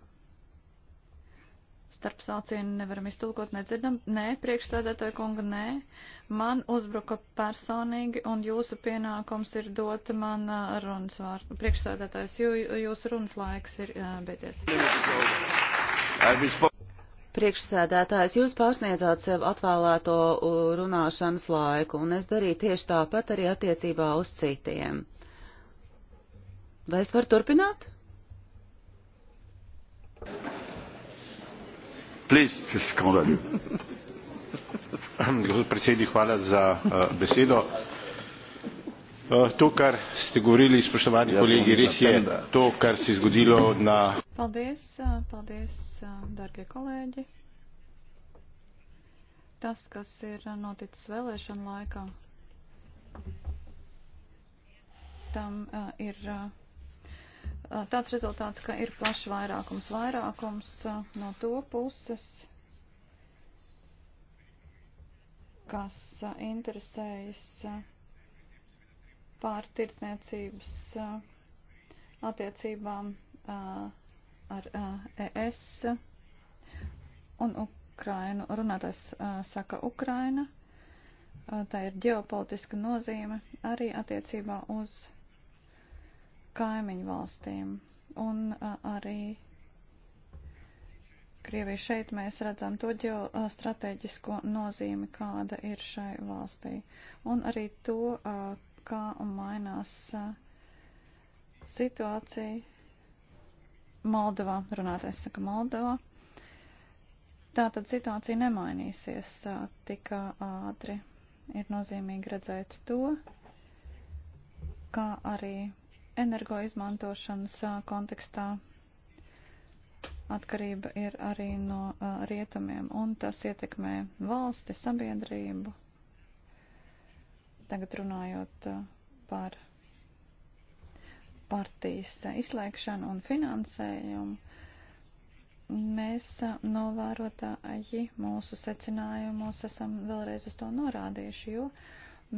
starp saucienu nevaram iztulkot, nedzirdam. Nē, priekšstādātāja kunga, nē. Man uzbruka personīgi, un jūsu pienākums ir dot man uh, runas vārdu. Priekšstādātājs, jū, jūsu runas laiks ir jā, uh, beidzies. Priekšsēdētājs, jūs pārsniedzāt sev atvēlēto uh, runāšanas laiku, un es darīju tieši tāpat arī attiecībā uz citiem. Vai es varu turpināt? Thank you. Please. C'est scandaleux. Gospod predsednik, hvala za uh, besedo. Uh, to, kar ste govorili, spoštovani kolegi, res je to, kar se je zgodilo na. Paldies, eh, paldies, darbie kolēģi. Tas, kas ir noticis vēlēšana laikā, tam uh, ir. Uh, tāds rezultāts, ka ir plašs vairākums, vairākums no to puses, kas interesējas pār tirdzniecības attiecībām ar ES un Ukrainu. Runātājs saka Ukraina. Tā ir ģeopolitiska nozīme arī attiecībā uz Ukrainu kaimiņu valstīm. Un arī Krievija šeit mēs redzam to ģeostrateģisko nozīmi, kāda ir šai valstī. Un arī to, kā mainās situācija Moldovā. Runātais saka Moldovā. Tātad situācija nemainīsies tik ātri. Ir nozīmīgi redzēt to, kā arī energoizmantošanas kontekstā atkarība ir arī no rietumiem, un tas ietekmē valsti, sabiedrību. Tagad runājot par partijas izslēgšanu un finansējumu, mēs novērotāji mūsu secinājumos esam vēlreiz uz to norādījuši, jo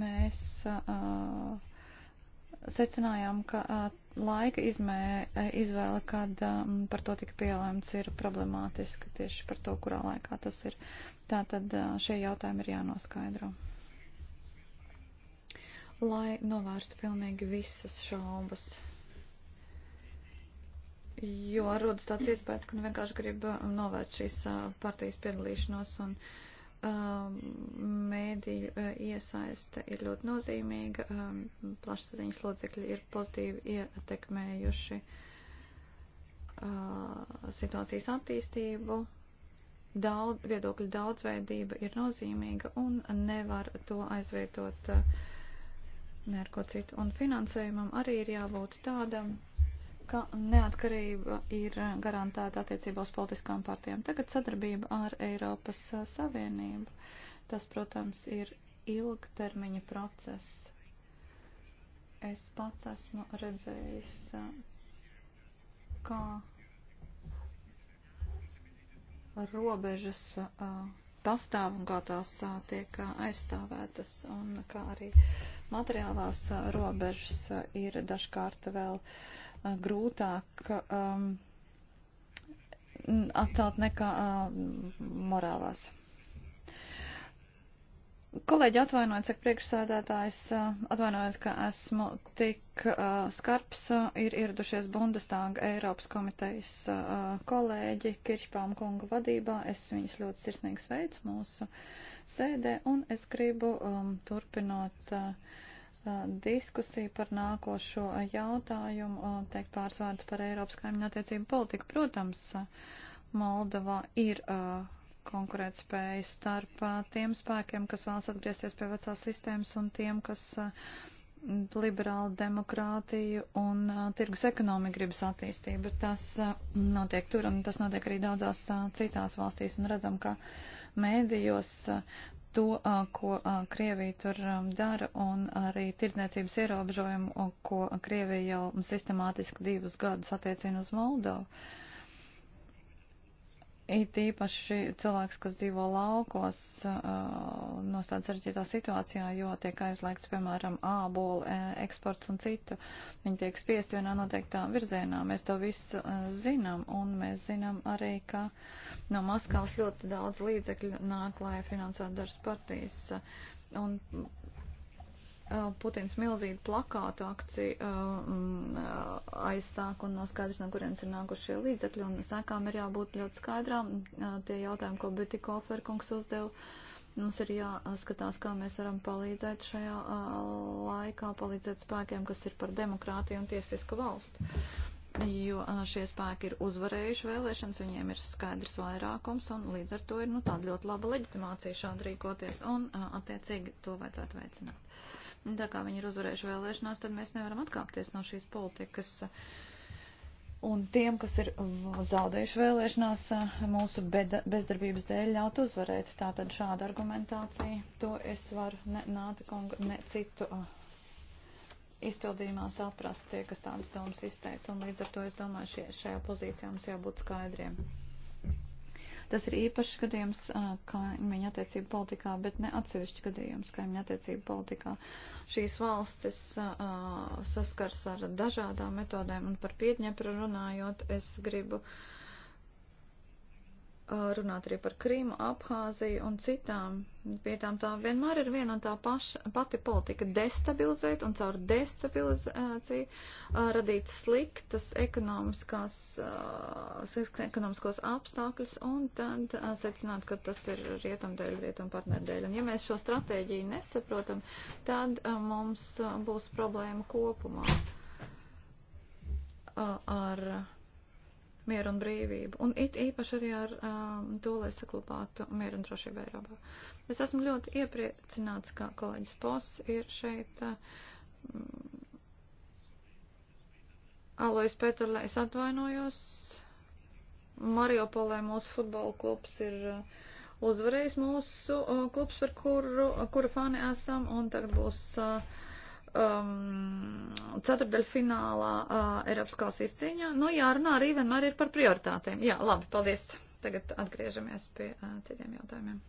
mēs uh, secinājām, ka laika izmē, izvēle, kad par to tika pielēmts, ir problemātiska tieši par to, kurā laikā tas ir. Tātad šie jautājumi ir jānoskaidro. Lai novērstu pilnīgi visas šaubas. Jo rodas tāds iespējas, ka nu vienkārši grib novērst šīs partijas piedalīšanos un uh, um, mēdīju uh, iesaiste ir ļoti nozīmīga, um, plašsaziņas locekļi ir pozitīvi ietekmējuši uh, situācijas attīstību. Daudz, viedokļu daudzveidība ir nozīmīga un nevar to aizvietot uh, ne ar ko citu. Un finansējumam arī ir jābūt tādam, ka neatkarība ir garantēta attiecībā uz politiskām partijām. Tagad sadarbība ar Eiropas Savienību. Tas, protams, ir ilgtermiņa process. Es pats esmu redzējis, kā robežas pastāv un kā tās tiek aizstāvētas un kā arī materiālās robežas ir dažkārt vēl uh, grūtāk um, atcelt nekā um, morālās. Kolēģi atvainojiet, saka priekšsēdētājs, uh, atvainojiet, ka esmu tik uh, skarps, uh, ir ieradušies Bundestāga Eiropas komitejas uh, kolēģi Kiršpām kunga vadībā. Es viņus ļoti sirsnīgi sveicu mūsu sēdē un es gribu um, turpinot. Uh, Eh, diskusiju par nākošo jautājumu, eh, teikt pāris vārdus par Eiropas kaimiņu attiecību politiku. Protams, eh, Moldova ir konkurēt spēja starp tiem spēkiem, kas vēlas atgriezties pie vecās sistēmas un tiem, kas liberālu demokrātiju un tirgus ekonomiku gribas attīstību. Tas notiek tur un tas notiek arī daudzās citās valstīs un redzam, ka mēdījos to, ko Krievija tur dara, un arī tirdzniecības ierobežojumu, ko Krievija jau sistemātiski divus gadus attiecina uz Moldovu. It īpaši cilvēks, kas dzīvo laukos, uh, nostāda sarežģītā situācijā, jo tiek aizliegts, piemēram, ābolu e, eksports un citu. Viņi tiek spiest vienā noteiktā virzienā. Mēs to visu uh, zinām, un mēs zinām arī, ka no Maskavas ļoti daudz līdzekļu nāk, lai finansētu dažas partijas. Un Putins milzīgu plakātu akciju aizsāk un noskaidrs, no kurienes ir nākuši šie līdzekļi, un sākām ir jābūt ļoti skaidrām. Tie jautājumi, ko Bitika Oferkungs uzdeva, mums ir jāskatās, kā mēs varam palīdzēt šajā laikā, palīdzēt spēkiem, kas ir par demokrātiju un tiesisku valstu. Jo šie spēki ir uzvarējuši vēlēšanas, viņiem ir skaidrs vairākums, un līdz ar to ir nu, tāda ļoti laba leģitimācija šādi rīkoties, un attiecīgi to vajadzētu veicināt. Un tā kā viņi ir uzvarējuši vēlēšanās, tad mēs nevaram atkāpties no šīs politikas. Un tiem, kas ir zaudējuši vēlēšanās, mūsu bezdarbības dēļ ļaut uzvarēt. Tātad šāda argumentācija, to es varu ne Nāta kunga, ne citu uh, izpildījumā saprast tie, kas tādas domas izteica. Un līdz ar to es domāju, šie, šajā pozīcijā mums jābūt skaidriem. Tas ir īpašs gadījums kaimiņa attiecību politikā, bet ne atsevišķi gadījums kaimiņa attiecību politikā. Šīs valstis saskars ar dažādām metodēm un par pietņepru runājot, es gribu. Uh, runāt arī par Krīmu, Abhāziju un citām vietām. Tā vienmēr ir viena un tā paša, pati politika - destabilizēt un caur destabilizāciju uh, radīt sliktas ekonomiskās, uh, sliktas ekonomiskos apstākļus un tad uh, secināt, ka tas ir rietumdēļ, rietum partnerdēļ. Un ja mēs šo stratēģiju nesaprotam, tad mums būs problēma kopumā ar. Uh, mieru un brīvību. Un it īpaši arī ar um, to, lai saklabātu mieru un drošību Eiropā. Es esmu ļoti iepriecināts, ka kolēģis Pos ir šeit. Um, Alois Peterle, es atvainojos. Mariopolē mūsu futbola klubs ir uh, uzvarējis mūsu uh, klubs, par kuru, uh, kura fani esam, un tagad būs. Uh, um, ceturdaļfinālā uh, Eiropas kausa izcīņā. Nu, jārunā arī vienmēr ir par prioritātēm. Jā, labi, paldies. Tagad atgriežamies pie uh, citiem jautājumiem.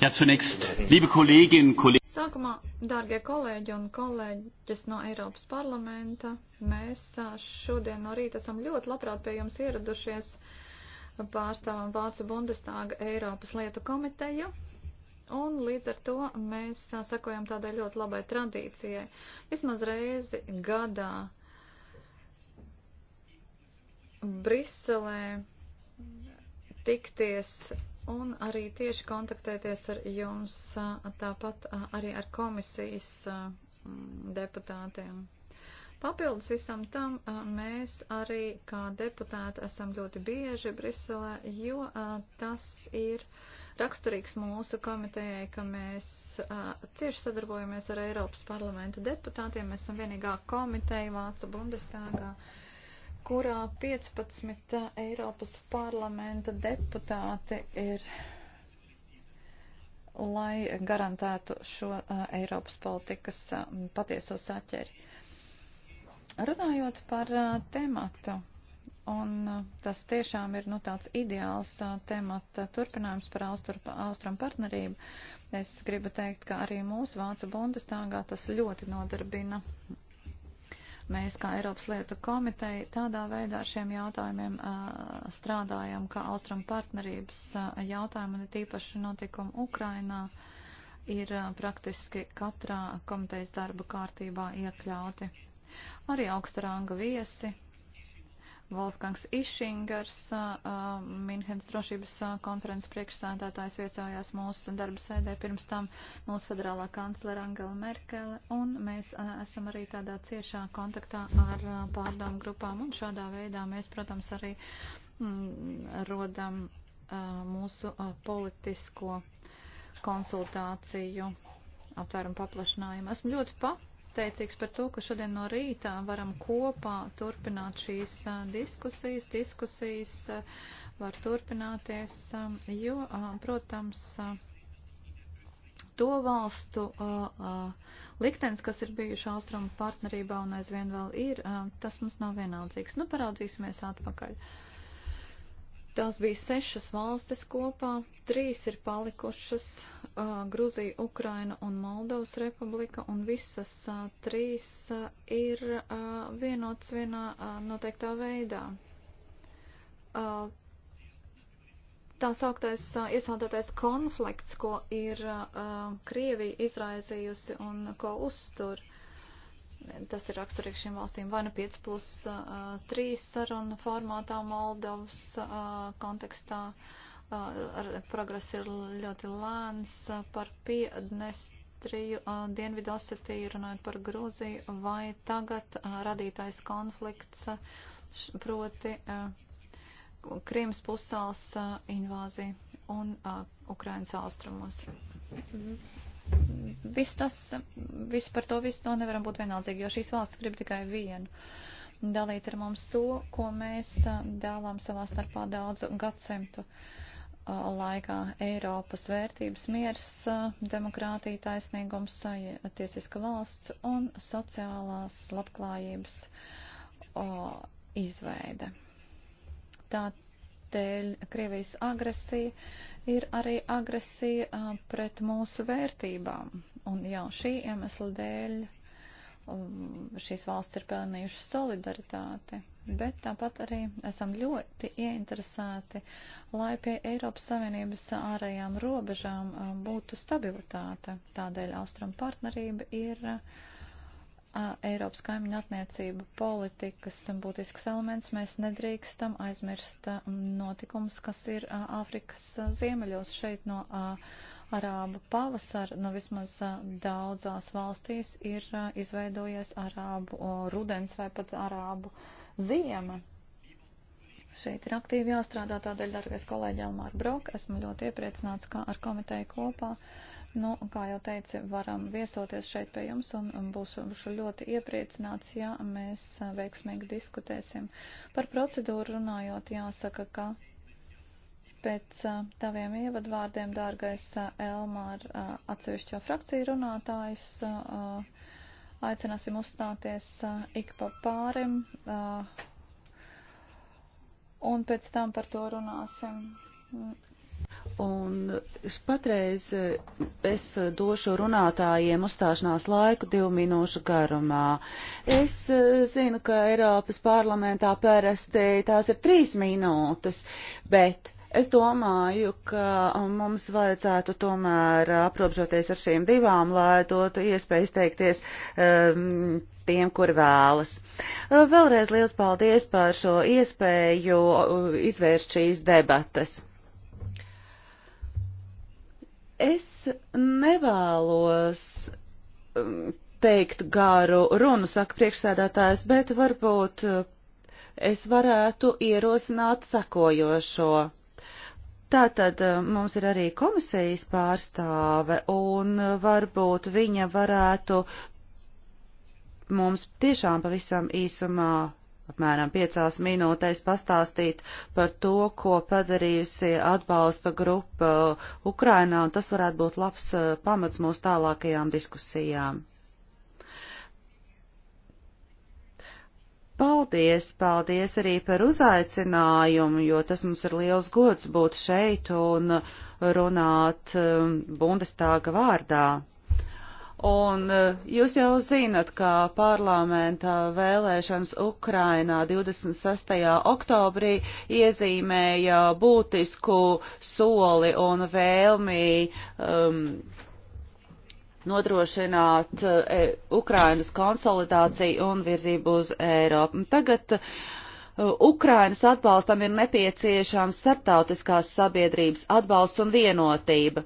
Ja, zunächst, liebe Kolleginnen und Kollegen, Sākumā, dārgie kolēģi un kolēģis no Eiropas parlamenta, mēs šodien no rīta esam ļoti labprāt pie jums ieradušies pārstāvam Vācu Bundestāga Eiropas lietu komiteju. Un līdz ar to mēs sakojam tādai ļoti labai tradīcijai. Vismaz reizi gadā Briselē tikties un arī tieši kontaktēties ar jums, tāpat arī ar komisijas deputātiem. Papildus visam tam mēs arī kā deputāti esam ļoti bieži Briselē, jo tas ir raksturīgs mūsu komitejai, ka mēs cieši sadarbojamies ar Eiropas parlamentu deputātiem. Mēs esam vienīgā komiteja Vācu Bundestāgā, kurā 15 eh, Eiropas parlamenta deputāti ir, lai garantētu šo uh, Eiropas politikas uh, patieso saķeri. Runājot par uh, tematu, un tas tiešām ir nu, tāds ideāls temata turpinājums par austrumu partnerību. Es gribu teikt, ka arī mūsu Vācu bundestāgā tas ļoti nodarbina Mēs kā Eiropas lietu komiteja tādā veidā ar šiem jautājumiem strādājam, kā austram partnerības jautājumu un ir tīpaši notikumu Ukrainā ir praktiski katrā komitejas darba kārtībā iekļauti. Arī augsta ranga viesi Wolfgangs Išingers, Minhenes drošības konferences priekšsādātājs viesājās mūsu darba sēdē, pirms tam mūsu federālā kanclera Angela Merkele, un mēs esam arī tādā ciešā kontaktā ar pārdomu grupām, un šādā veidā mēs, protams, arī rodam mūsu politisko konsultāciju aptvērumu paplašinājumu. Esmu ļoti pat pateicīgs par to, ka šodien no rītā varam kopā turpināt šīs diskusijas. Diskusijas var turpināties, jo, protams, to valstu liktenis, kas ir bijuši austrumu partnerībā un aizvien vēl ir, tas mums nav vienaldzīgs. Nu, paraudzīsimies atpakaļ. Tās bija sešas valstis kopā, trīs ir palikušas uh, - Gruzija, Ukraina un Moldovas republika, un visas uh, trīs uh, ir uh, vienots vienā uh, noteiktā veidā. Uh, tā sauktais uh, iesaldētais konflikts, ko ir uh, Krievija izraizījusi un ko uztur. Uh, tas ir raksturīgs šīm valstīm vai nu 5 plus uh, 3 saruna formātā Moldovas uh, kontekstā. Uh, progress ir ļoti lēns uh, par Piednestriju, uh, Dienvidosetiju, runājot par Grūziju, vai tagad uh, radītais konflikts, uh, proti uh, Krimas pusāls uh, invāzija un uh, Ukrainas austrumos. Mm -hmm viss tas, viss par to, visu to nevaram būt vienaldzīgi, jo šīs valsts grib tikai vienu. Dalīt ar mums to, ko mēs dāvām savā starpā daudzu gadsimtu laikā Eiropas vērtības miers, demokrātija, taisnīgums, tiesiska valsts un sociālās labklājības izveide. Tā tēļ Krievijas agresija ir arī agresija pret mūsu vērtībām. Un jau šī iemesla dēļ šīs valsts ir pelnījušas solidaritāti, bet tāpat arī esam ļoti ieinteresēti, lai pie Eiropas Savienības ārējām robežām būtu stabilitāte. Tādēļ Austrum partnerība ir uh, Eiropas kaimiņu attiecību politikas būtisks elements. Mēs nedrīkstam aizmirst notikums, kas ir Āfrikas ziemeļos šeit no Arābu pavasara. Nu, vismaz daudzās valstīs ir izveidojies Arābu rudens vai pat Arābu ziema. Šeit ir aktīvi jāstrādā, tādēļ, dargais kolēģi Elmār Brok, esmu ļoti iepriecināts, kā ar komiteju kopā. Uh, Nu, kā jau teicu, varam viesoties šeit pie jums un būšu, būšu ļoti iepriecināts, ja mēs veiksmīgi diskutēsim. Par procedūru runājot, jāsaka, ka pēc taviem ievadvārdiem, dārgais Elmār, atsevišķo frakciju runātājus aicināsim uzstāties ik pa pārim un pēc tam par to runāsim. Un es patreiz es došu runātājiem uzstāšanās laiku divu minūšu garumā. Es eh, zinu, ka Eiropas parlamentā parasti tās ir trīs minūtes, bet es domāju, ka mums vajadzētu tomēr aprobežoties ar šīm divām, lai dotu iespēju izteikties. Um, tiem, kur vēlas. Eh, vēlreiz liels paldies par šo iespēju eh, izvērst šīs debatas. Es nevēlos um, teikt garu runu, saka priekšsēdētājs, bet varbūt uh, es varētu ierosināt sakojošo. Tātad uh, mums ir arī komisijas pārstāve, un uh, varbūt viņa varētu mums tiešām pavisam īsumā apmēram piecās minūtēs pastāstīt par to, ko padarījusi atbalsta grupa Ukrainā, un tas varētu būt labs eh, pamats mūsu tālākajām diskusijām. Paldies, paldies arī par uzaicinājumu, jo tas mums ir liels gods būt šeit un runāt eh, Bundestāga vārdā. Un eh, jūs jau zinat, ka parlamentā vēlēšanas Ukrainā 26. oktobrī iezīmēja būtisku soli un vēlmi um, nodrošināt uh, Ukrainas konsolidāciju un virzību uz Eiropu. Tagad uh, Ukrainas atbalstam ir nepieciešams starptautiskās sabiedrības atbalsts un vienotība.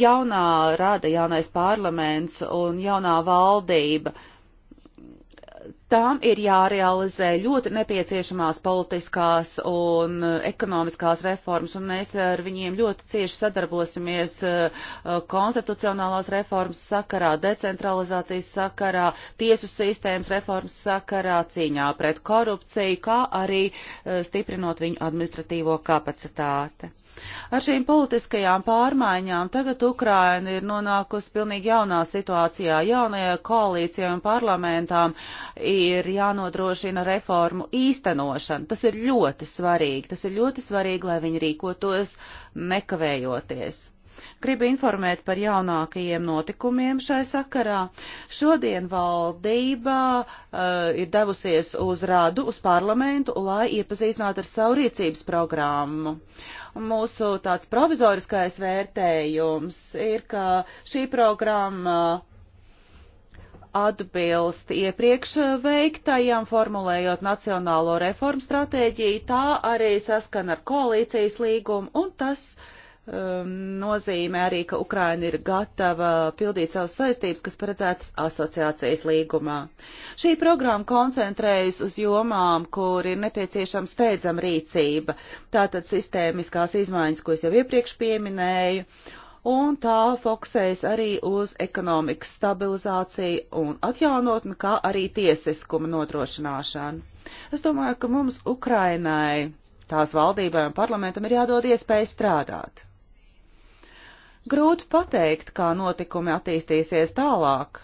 Jaunā rada, jaunais parlaments un jaunā valdība uh, tām ir jārealizē ļoti nepieciešamās politiskās un uh, ekonomiskās reformas, un mēs ar viņiem ļoti cieši sadarbosimies uh, uh, konstitucionālās reformas sakarā, decentralizācijas sakarā, tiesu sistēmas reformas sakarā, cīņā pret korupciju, kā arī stiprinot viņu administratīvo kapacitāti. Ar šīm politiskajām pārmaiņām tagad Ukraina ir nonākusi pilnīgi jaunā situācijā. Jaunajai koalīcijai un parlamentām ir jānodrošina reformu īstenošana. Tas ir ļoti svarīgi. Tas ir ļoti svarīgi, lai viņi rīkotos nekavējoties. Gribu informēt par jaunākajiem notikumiem šai sakarā. Šodien valdība uh, ir devusies uz rādu, uz parlamentu, lai iepazīstinātu ar savu rīcības programmu. Mūsu tāds provizoriskais vērtējums ir, ka šī programma atbilst iepriekš veiktajam, formulējot nacionālo reformu stratēģiju, tā arī saskana ar koalīcijas līgumu, un tas Um, nozīmē arī, ka Ukraina ir gatava pildīt savas saistības, kas paredzētas asociācijas līgumā. Šī programma koncentrējas uz jomām, kur ir nepieciešama steidzama rīcība, tātad sistēmiskās izmaiņas, ko es jau iepriekš pieminēju, un tā fokusējas arī uz ekonomikas stabilizāciju un atjaunotni, kā arī tiesiskuma nodrošināšanu. Es domāju, ka mums Ukrainai, tās valdībai un parlamentam ir jādod iespēja strādāt. Grūti pateikt, kā notikumi attīstīsies tālāk.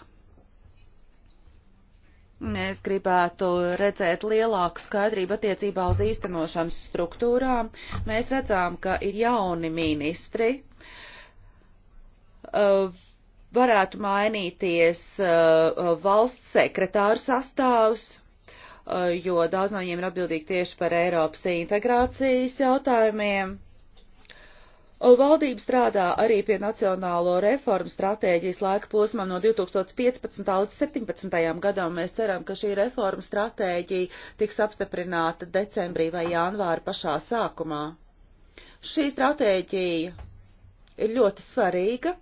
Es gribētu redzēt lielāku skaidrību attiecībā uz īstenošanas struktūrām. Mēs redzām, ka ir jauni ministri, uh, varētu mainīties uh, valsts sekretāru sastāvs, uh, jo daudz no viņiem ir atbildīgi tieši par Eiropas integrācijas jautājumiem. Un valdība strādā arī pie nacionālo reformu stratēģijas laika posmam no 2015. līdz 2017. gadam. Mēs ceram, ka šī reforma stratēģija tiks apstiprināta decembrī vai janvāri pašā sākumā. Šī stratēģija ir ļoti svarīga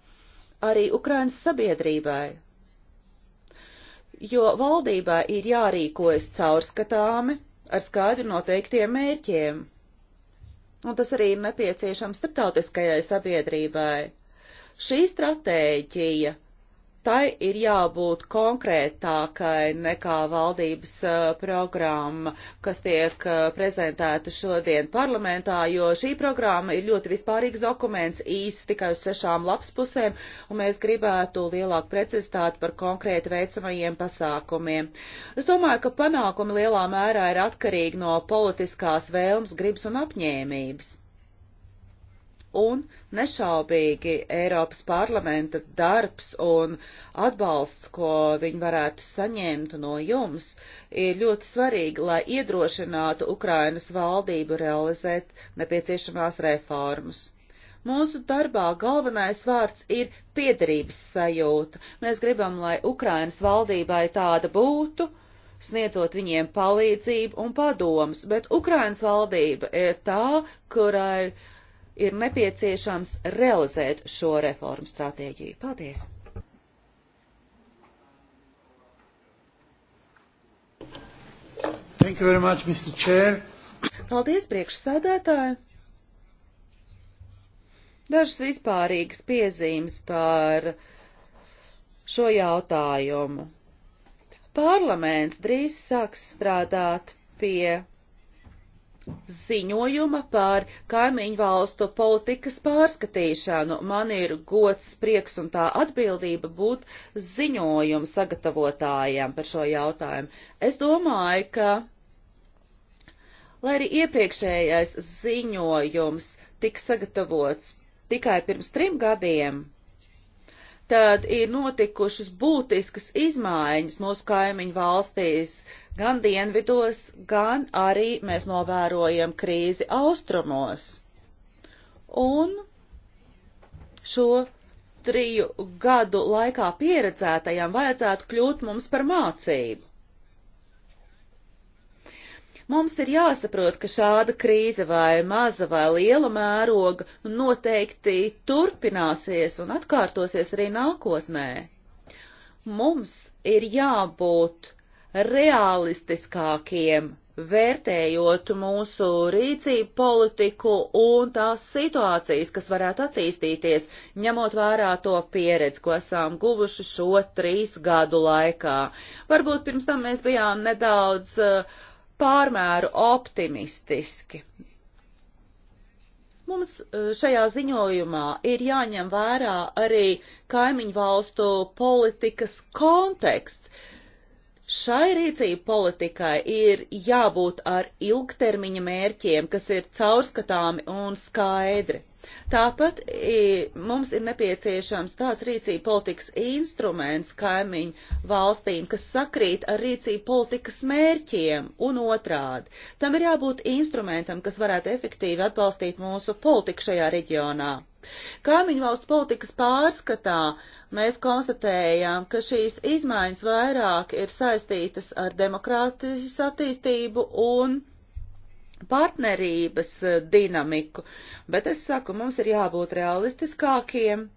arī Ukrainas sabiedrībai, jo valdībai ir jārīkojas caurskatāmi ar skaidri noteiktiem mērķiem un tas arī ir nepieciešams starptautiskajai sabiedrībai. Šī stratēģija tai ir jābūt konkrētākai nekā valdības eh, programma, kas tiek eh, prezentēta šodien parlamentā, jo šī programma ir ļoti vispārīgs dokuments, īsts tikai uz sešām lapspusēm, un mēs gribētu lielāku precizitāti par konkrēti veicamajiem pasākumiem. Es domāju, ka panākumi lielā mērā ir atkarīgi no politiskās vēlmes, gribas un apņēmības un nešaubīgi Eiropas parlamenta darbs un atbalsts, ko viņi varētu saņemt no jums, ir ļoti svarīgi, lai iedrošinātu Ukrainas valdību realizēt nepieciešamās reformas. Mūsu darbā galvenais vārds ir piederības sajūta. Mēs gribam, lai Ukrainas valdībai tāda būtu, sniedzot viņiem palīdzību un padomus, bet Ukrainas valdība ir tā, kurai uh, ir nepieciešams realizēt šo reformu stratēģiju. Paldies! Thank you very much, Mr. Chair. Paldies, priekšsēdētāji! Dažas vispārīgas piezīmes par šo jautājumu. Parlaments drīz sāks strādāt pie ziņojuma par kaimiņu valstu politikas pārskatīšanu. Man ir gods, prieks un tā atbildība būt ziņojumu sagatavotājiem par šo jautājumu. Es domāju, ka, lai arī iepriekšējais ziņojums tika sagatavots tikai pirms trim gadiem, tad ir notikušas būtiskas izmaiņas mūsu kaimiņu valstīs uh, Gan dienvidos, gan arī mēs novērojam krīzi austrumos. Un šo triju gadu laikā pieredzētajam vajadzētu kļūt mums par mācību. Mums ir jāsaprot, ka šāda krīze vai maza vai liela mēroga noteikti turpināsies un atkārtosies arī nākotnē. Mums ir jābūt realistiskākiem, vērtējot mūsu rīcību politiku un tās situācijas, kas varētu attīstīties, ņemot vērā to pieredzi, ko esam guvuši šo trīs gadu laikā. Varbūt pirms tam mēs bijām nedaudz eh, pārmēru optimistiski. Mums eh, šajā ziņojumā ir jāņem vērā arī kaimiņu valstu politikas konteksts, Šai rīcību politikai ir jābūt ar ilgtermiņa mērķiem, kas ir caurskatāmi un skaidri. Tāpat mums ir nepieciešams tāds rīcība politikas instruments kaimiņu valstīm, kas sakrīt ar rīcību politikas mērķiem un otrādi. Tam ir jābūt instrumentam, kas varētu efektīvi atbalstīt mūsu politiku šajā reģionā. Kaimiņu valstu politikas pārskatā mēs konstatējām, ka šīs izmaiņas vairāk ir saistītas ar demokrātijas attīstību un partnerības eh, dinamiku, bet es saku, mums ir jābūt realistiskākiem,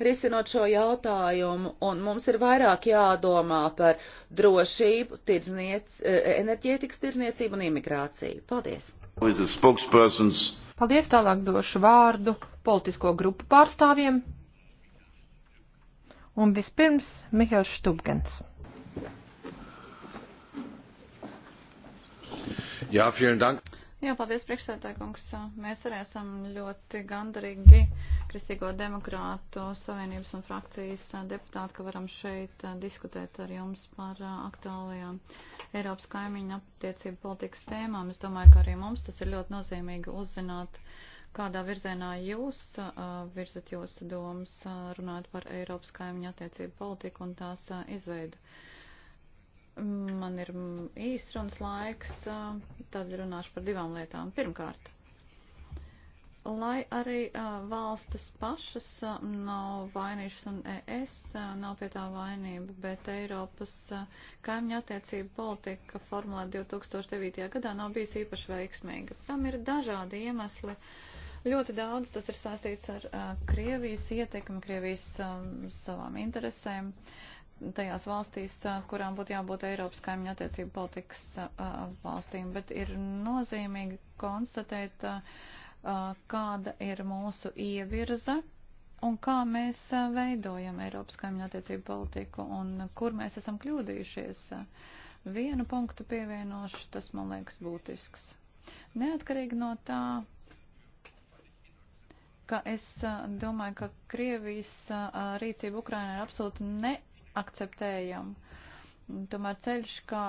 risinot šo jautājumu, un mums ir vairāk jādomā par drošību, tirdzniec, eh, enerģētikas tirdzniecību un imigrāciju. Paldies! Paldies, tālāk došu vārdu politisko grupu pārstāvjiem. Un vispirms Mihails Štubgens. Jā, vielen dank. Jā, paldies, priekšsēdētājkungs. Mēs arī esam ļoti gandarīgi Kristīgo demokrātu savienības un frakcijas deputāti, ka varam šeit diskutēt ar jums par aktuālajām Eiropas kaimiņu attiecību politikas tēmām. Es domāju, ka arī mums tas ir ļoti nozīmīgi uzzināt, kādā virzienā jūs virzat jūsu domas, runājot par Eiropas kaimiņu attiecību politiku un tās izveidu. Man ir īsrunas laiks, tad runāšu par divām lietām. Pirmkārt, lai arī valstis pašas nav vainījušas un ES nav pie tā vainība, bet Eiropas kaimiņa attiecība politika formulēta 2009. gadā nav bijusi īpaši veiksmīga. Tam ir dažādi iemesli. Ļoti daudz tas ir saistīts ar Krievijas ietekmi, Krievijas savām interesēm. Uh, tajās valstīs, kurām būtu jābūt Eiropas kaimiņu attiecību politikas valstīm, bet ir nozīmīgi konstatēt, kāda ir mūsu ievirza un kā mēs veidojam Eiropas kaimiņu attiecību politiku un kur mēs esam kļūdījušies. Vienu punktu pievienošu, tas man liekas būtisks. Neatkarīgi no tā, ka es domāju, ka Krievijas rīcība Ukrainā ir absolūti ne akceptējam. Tomēr ceļš, kā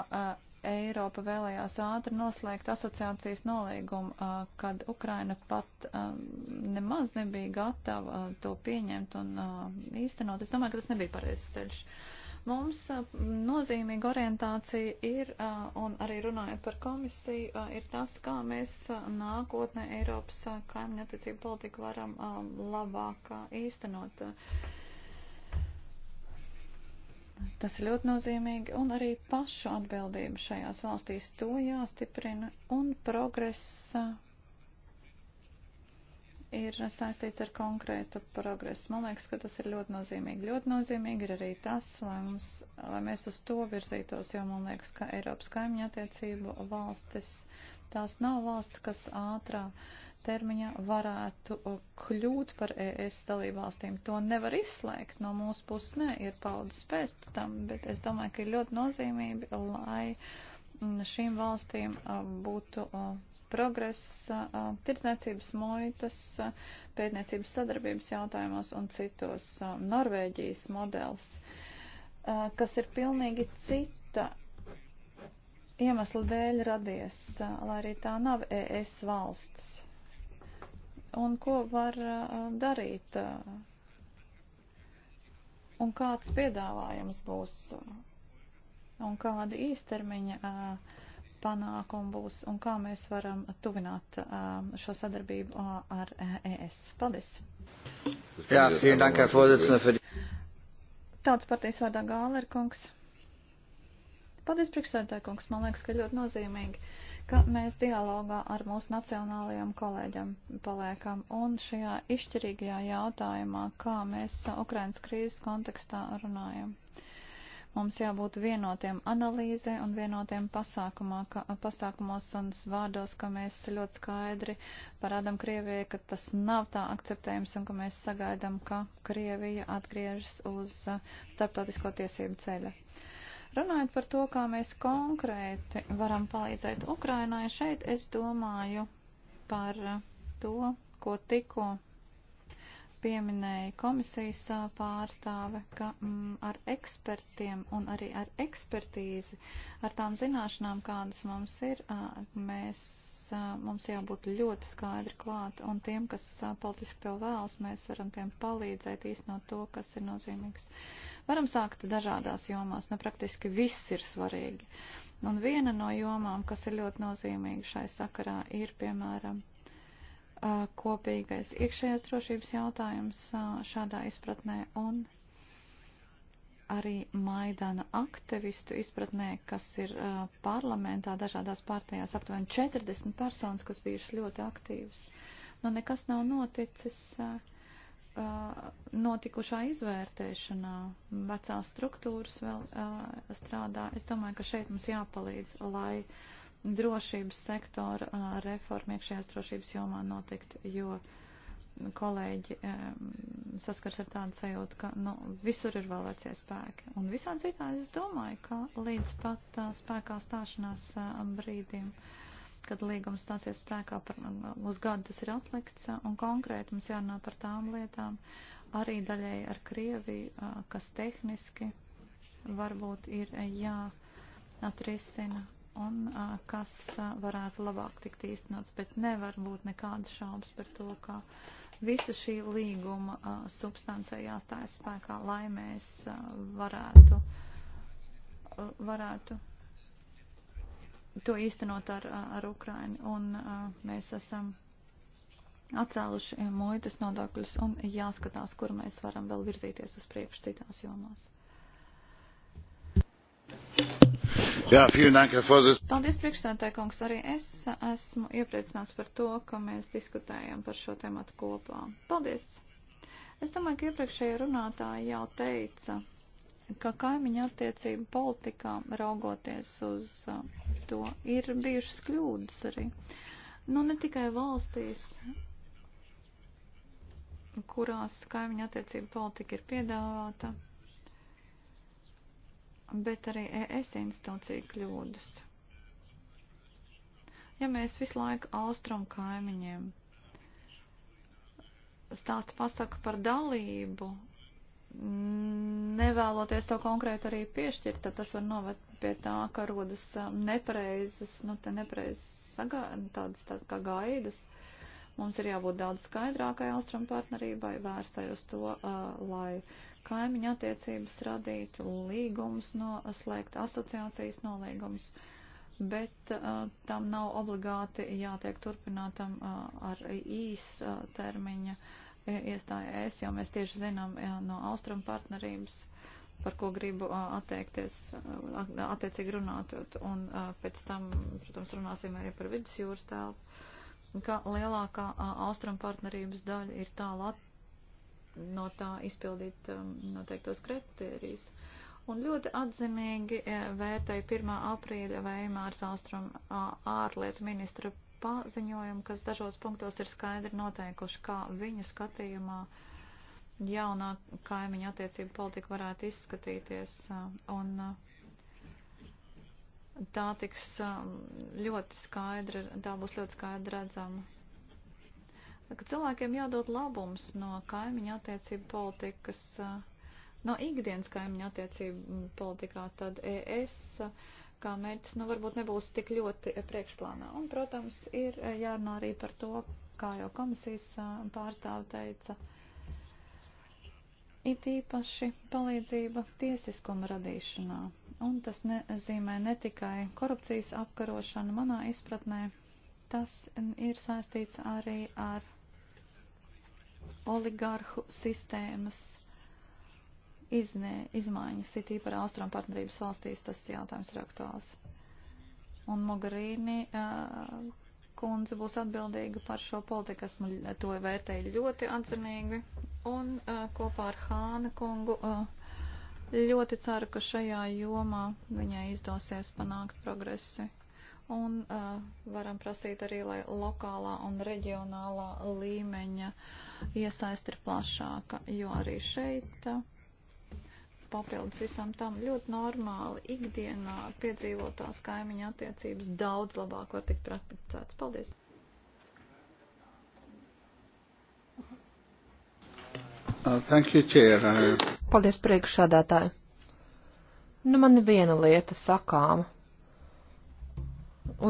Eiropa vēlējās ātri noslēgt asociācijas nolīgumu, kad Ukraina pat nemaz nebija gatava to pieņemt un īstenot. Es domāju, ka tas nebija pareizs ceļš. Mums nozīmīga orientācija ir, un arī runājot par komisiju, ir tas, kā mēs nākotnē Eiropas kaimiņattiecību politiku varam labāk īstenot. Tas ir ļoti nozīmīgi, un arī pašu atbildību šajās valstīs to jāstiprina, un progress uh, ir saistīts ar konkrētu progresu. Man liekas, ka tas ir ļoti nozīmīgi. Ļoti nozīmīgi ir arī tas, lai, mums, lai mēs uz to virzītos, jo man liekas, ka Eiropas kaimiņa attiecību valstis, tās nav valsts, kas ātrāk ilgtermiņā varētu kļūt par ES dalībvalstīm. To nevar izslēgt no mūsu puses, nē, ir paudzes pēc tam, bet es domāju, ka ir ļoti nozīmīgi, lai šīm valstīm būtu progress tirdzniecības muitas, pētniecības sadarbības jautājumos un citos Norvēģijas modelis, kas ir pilnīgi cita iemesla dēļ radies, lai arī tā nav ES valsts un ko var darīt? Un kāds piedāvājums būs? Un kādi īstermiņa panākumi būs? Un kā mēs varam tuvināt šo sadarbību ar ES? Paldies! Jā, vielen dank, Herr Vorsitzender. Tautas partijas vārdā Gālerkungs. Paldies, priekšsēdētāj kungs. Man liekas, ka ļoti nozīmīgi ka mēs dialogā ar mūsu nacionālajiem kolēģiem paliekam. Un šajā izšķirīgajā jautājumā, kā mēs Ukrainas krīzes kontekstā runājam, mums jābūt vienotiem analīzē un vienotiem pasākumā, ka, pasākumos un vārdos, ka mēs ļoti skaidri parādam Krievijai, ka tas nav tā akceptējams un ka mēs sagaidam, ka Krievija atgriežas uz starptautisko tiesību ceļa. Uh, Runājot par to, kā mēs konkrēti varam palīdzēt Ukrainai, šeit es domāju par to, ko tikko pieminēja komisijas pārstāve, ka mm, ar ekspertiem un arī ar ekspertīzi, ar tām zināšanām, kādas mums ir, mēs, mums jābūt ļoti skaidri klāt, un tiem, kas politiski to vēlas, mēs varam tiem palīdzēt īstenot to, kas ir nozīmīgs. Varam sākt dažādās jomās, nu praktiski viss ir svarīgi. Un viena no jomām, kas ir ļoti nozīmīga šai sakarā, ir, piemēram, kopīgais iekšējās drošības jautājums šādā izpratnē un arī Maidana aktivistu izpratnē, kas ir uh, parlamentā dažādās pārtējās aptuveni 40 personas, kas bijušas ļoti aktīvas. Nu, nekas nav noticis. Uh, Uh, notikušā izvērtēšanā vecās struktūras vēl uh, strādā. Es domāju, ka šeit mums jāpalīdz, lai drošības sektora uh, reforma iekšējās drošības jomā notiktu, jo kolēģi um, saskars ar tādu sajūtu, ka nu, visur ir vēl vecie spēki. Un visā citā es domāju, ka līdz pat spēkā stāšanās brīdim. Uh, kad līgums stāsies spēkā par, uz gadu, tas ir atlikts, un konkrēti mums jārunā par tām lietām, arī daļai ar Krieviju, kas tehniski varbūt ir jāatrisina un kas varētu labāk tikt īstenots, bet nevar būt nekādas šaubas par to, ka visa šī līguma substancē jāstājas spēkā, lai mēs varētu, varētu to īstenot ar, ar Ukraini. Un mēs esam atcēluši muitas nodokļus un jāskatās, kur mēs varam vēl virzīties uz priekšu citās jomās. Jā, dank, Paldies, priekšsēdētāji kungs. Arī es esmu iepriecināts par to, ka mēs diskutējam par šo tēmatu kopā. Paldies! Es domāju, ka iepriekšējie runātāji jau teica, ka kaimiņa attiecību politikā, raugoties uz uh, to, ir bijušas kļūdas arī. Nu, ne tikai valstīs, kurās kaimiņa attiecību politika ir piedāvāta, bet arī ES institūcija kļūdas. Ja mēs visu laiku austrumu kaimiņiem stāsta pasaka par dalību nevēloties to konkrēti arī piešķirt, tad tas var novēt pie tā, ka rodas um, nepareizas, nu, te nepareizas sagā, tādas tā kā gaidas. Mums ir jābūt daudz skaidrākai austrumu partnerībai, vērstai uz to, uh, lai kaimiņa attiecības radītu, līgums noslēgt, asociācijas nolīgums, bet uh, tam nav obligāti jātiek turpinātam uh, ar īs uh, termiņa uh, iestāja ES, jo mēs tieši zinām no austrum partnerības, par ko gribu atteikties, attiecīgi runāt, un pēc tam, protams, runāsim arī par vidusjūras telpu, ka lielākā austrum partnerības daļa ir tālu no tā izpildīt noteiktos kritērijus. Un ļoti atzinīgi vērtēja 1. aprīļa Veimārs Austrum ārlietu ministra paziņojumu, kas dažos punktos ir skaidri noteikuši, kā viņu skatījumā jaunā kaimiņa attiecība politika varētu izskatīties. Un tā tiks ļoti skaidri, tā būs ļoti skaidri redzama. Ka cilvēkiem jādod labums no kaimiņa attiecību politikas, no ikdienas kaimiņa attiecību politikā, tad ES. Es kā mērķis, nu varbūt nebūs tik ļoti priekšplānā. Un, protams, ir eh, jārunā arī par to, kā jau komisijas eh, pārstāve teica, it īpaši palīdzība tiesiskuma radīšanā. Un tas nozīmē ne, ne tikai korupcijas apkarošanu manā izpratnē, tas ir saistīts arī ar oligarhu sistēmas izmē, izmaiņas, it īpaši Austrum partnerības valstīs, tas jautājums ir aktuāls. Un Mogherini uh, kundze būs atbildīga par šo politiku, esmu to vērtēju ļoti atzinīgi, un uh, kopā ar Hāna kungu uh, ļoti ceru, ka šajā jomā viņai izdosies panākt progresi. Un uh, varam prasīt arī, lai lokālā un reģionālā līmeņa iesaist ir plašāka, jo arī šeit. Uh, papildus visam tam ļoti normāli ikdienā piedzīvotās kaimiņa attiecības daudz labāk var tikt prakticētas. Paldies! Uh, thank you, Chair. Uh... Paldies, priekšsādātāji. Nu, man viena lieta sakāma.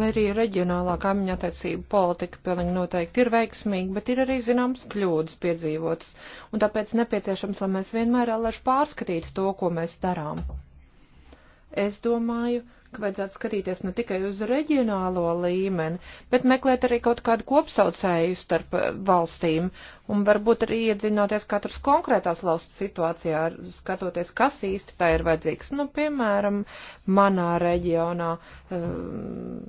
Lai arī reģionālā kaimiņa attiecību politika pilnīgi noteikti ir veiksmīga, bet ir arī zināms kļūdas piedzīvotas, un tāpēc nepieciešams, lai mēs vienmēr alaž pārskatītu to, ko mēs darām es domāju, ka vajadzētu skatīties ne tikai uz reģionālo līmeni, bet meklēt arī kaut kādu kopsaucēju starp eh, valstīm un varbūt arī iedzināties katras konkrētās valsts situācijā, skatoties, kas īsti tā ir vajadzīgs. Nu, piemēram, manā reģionā um,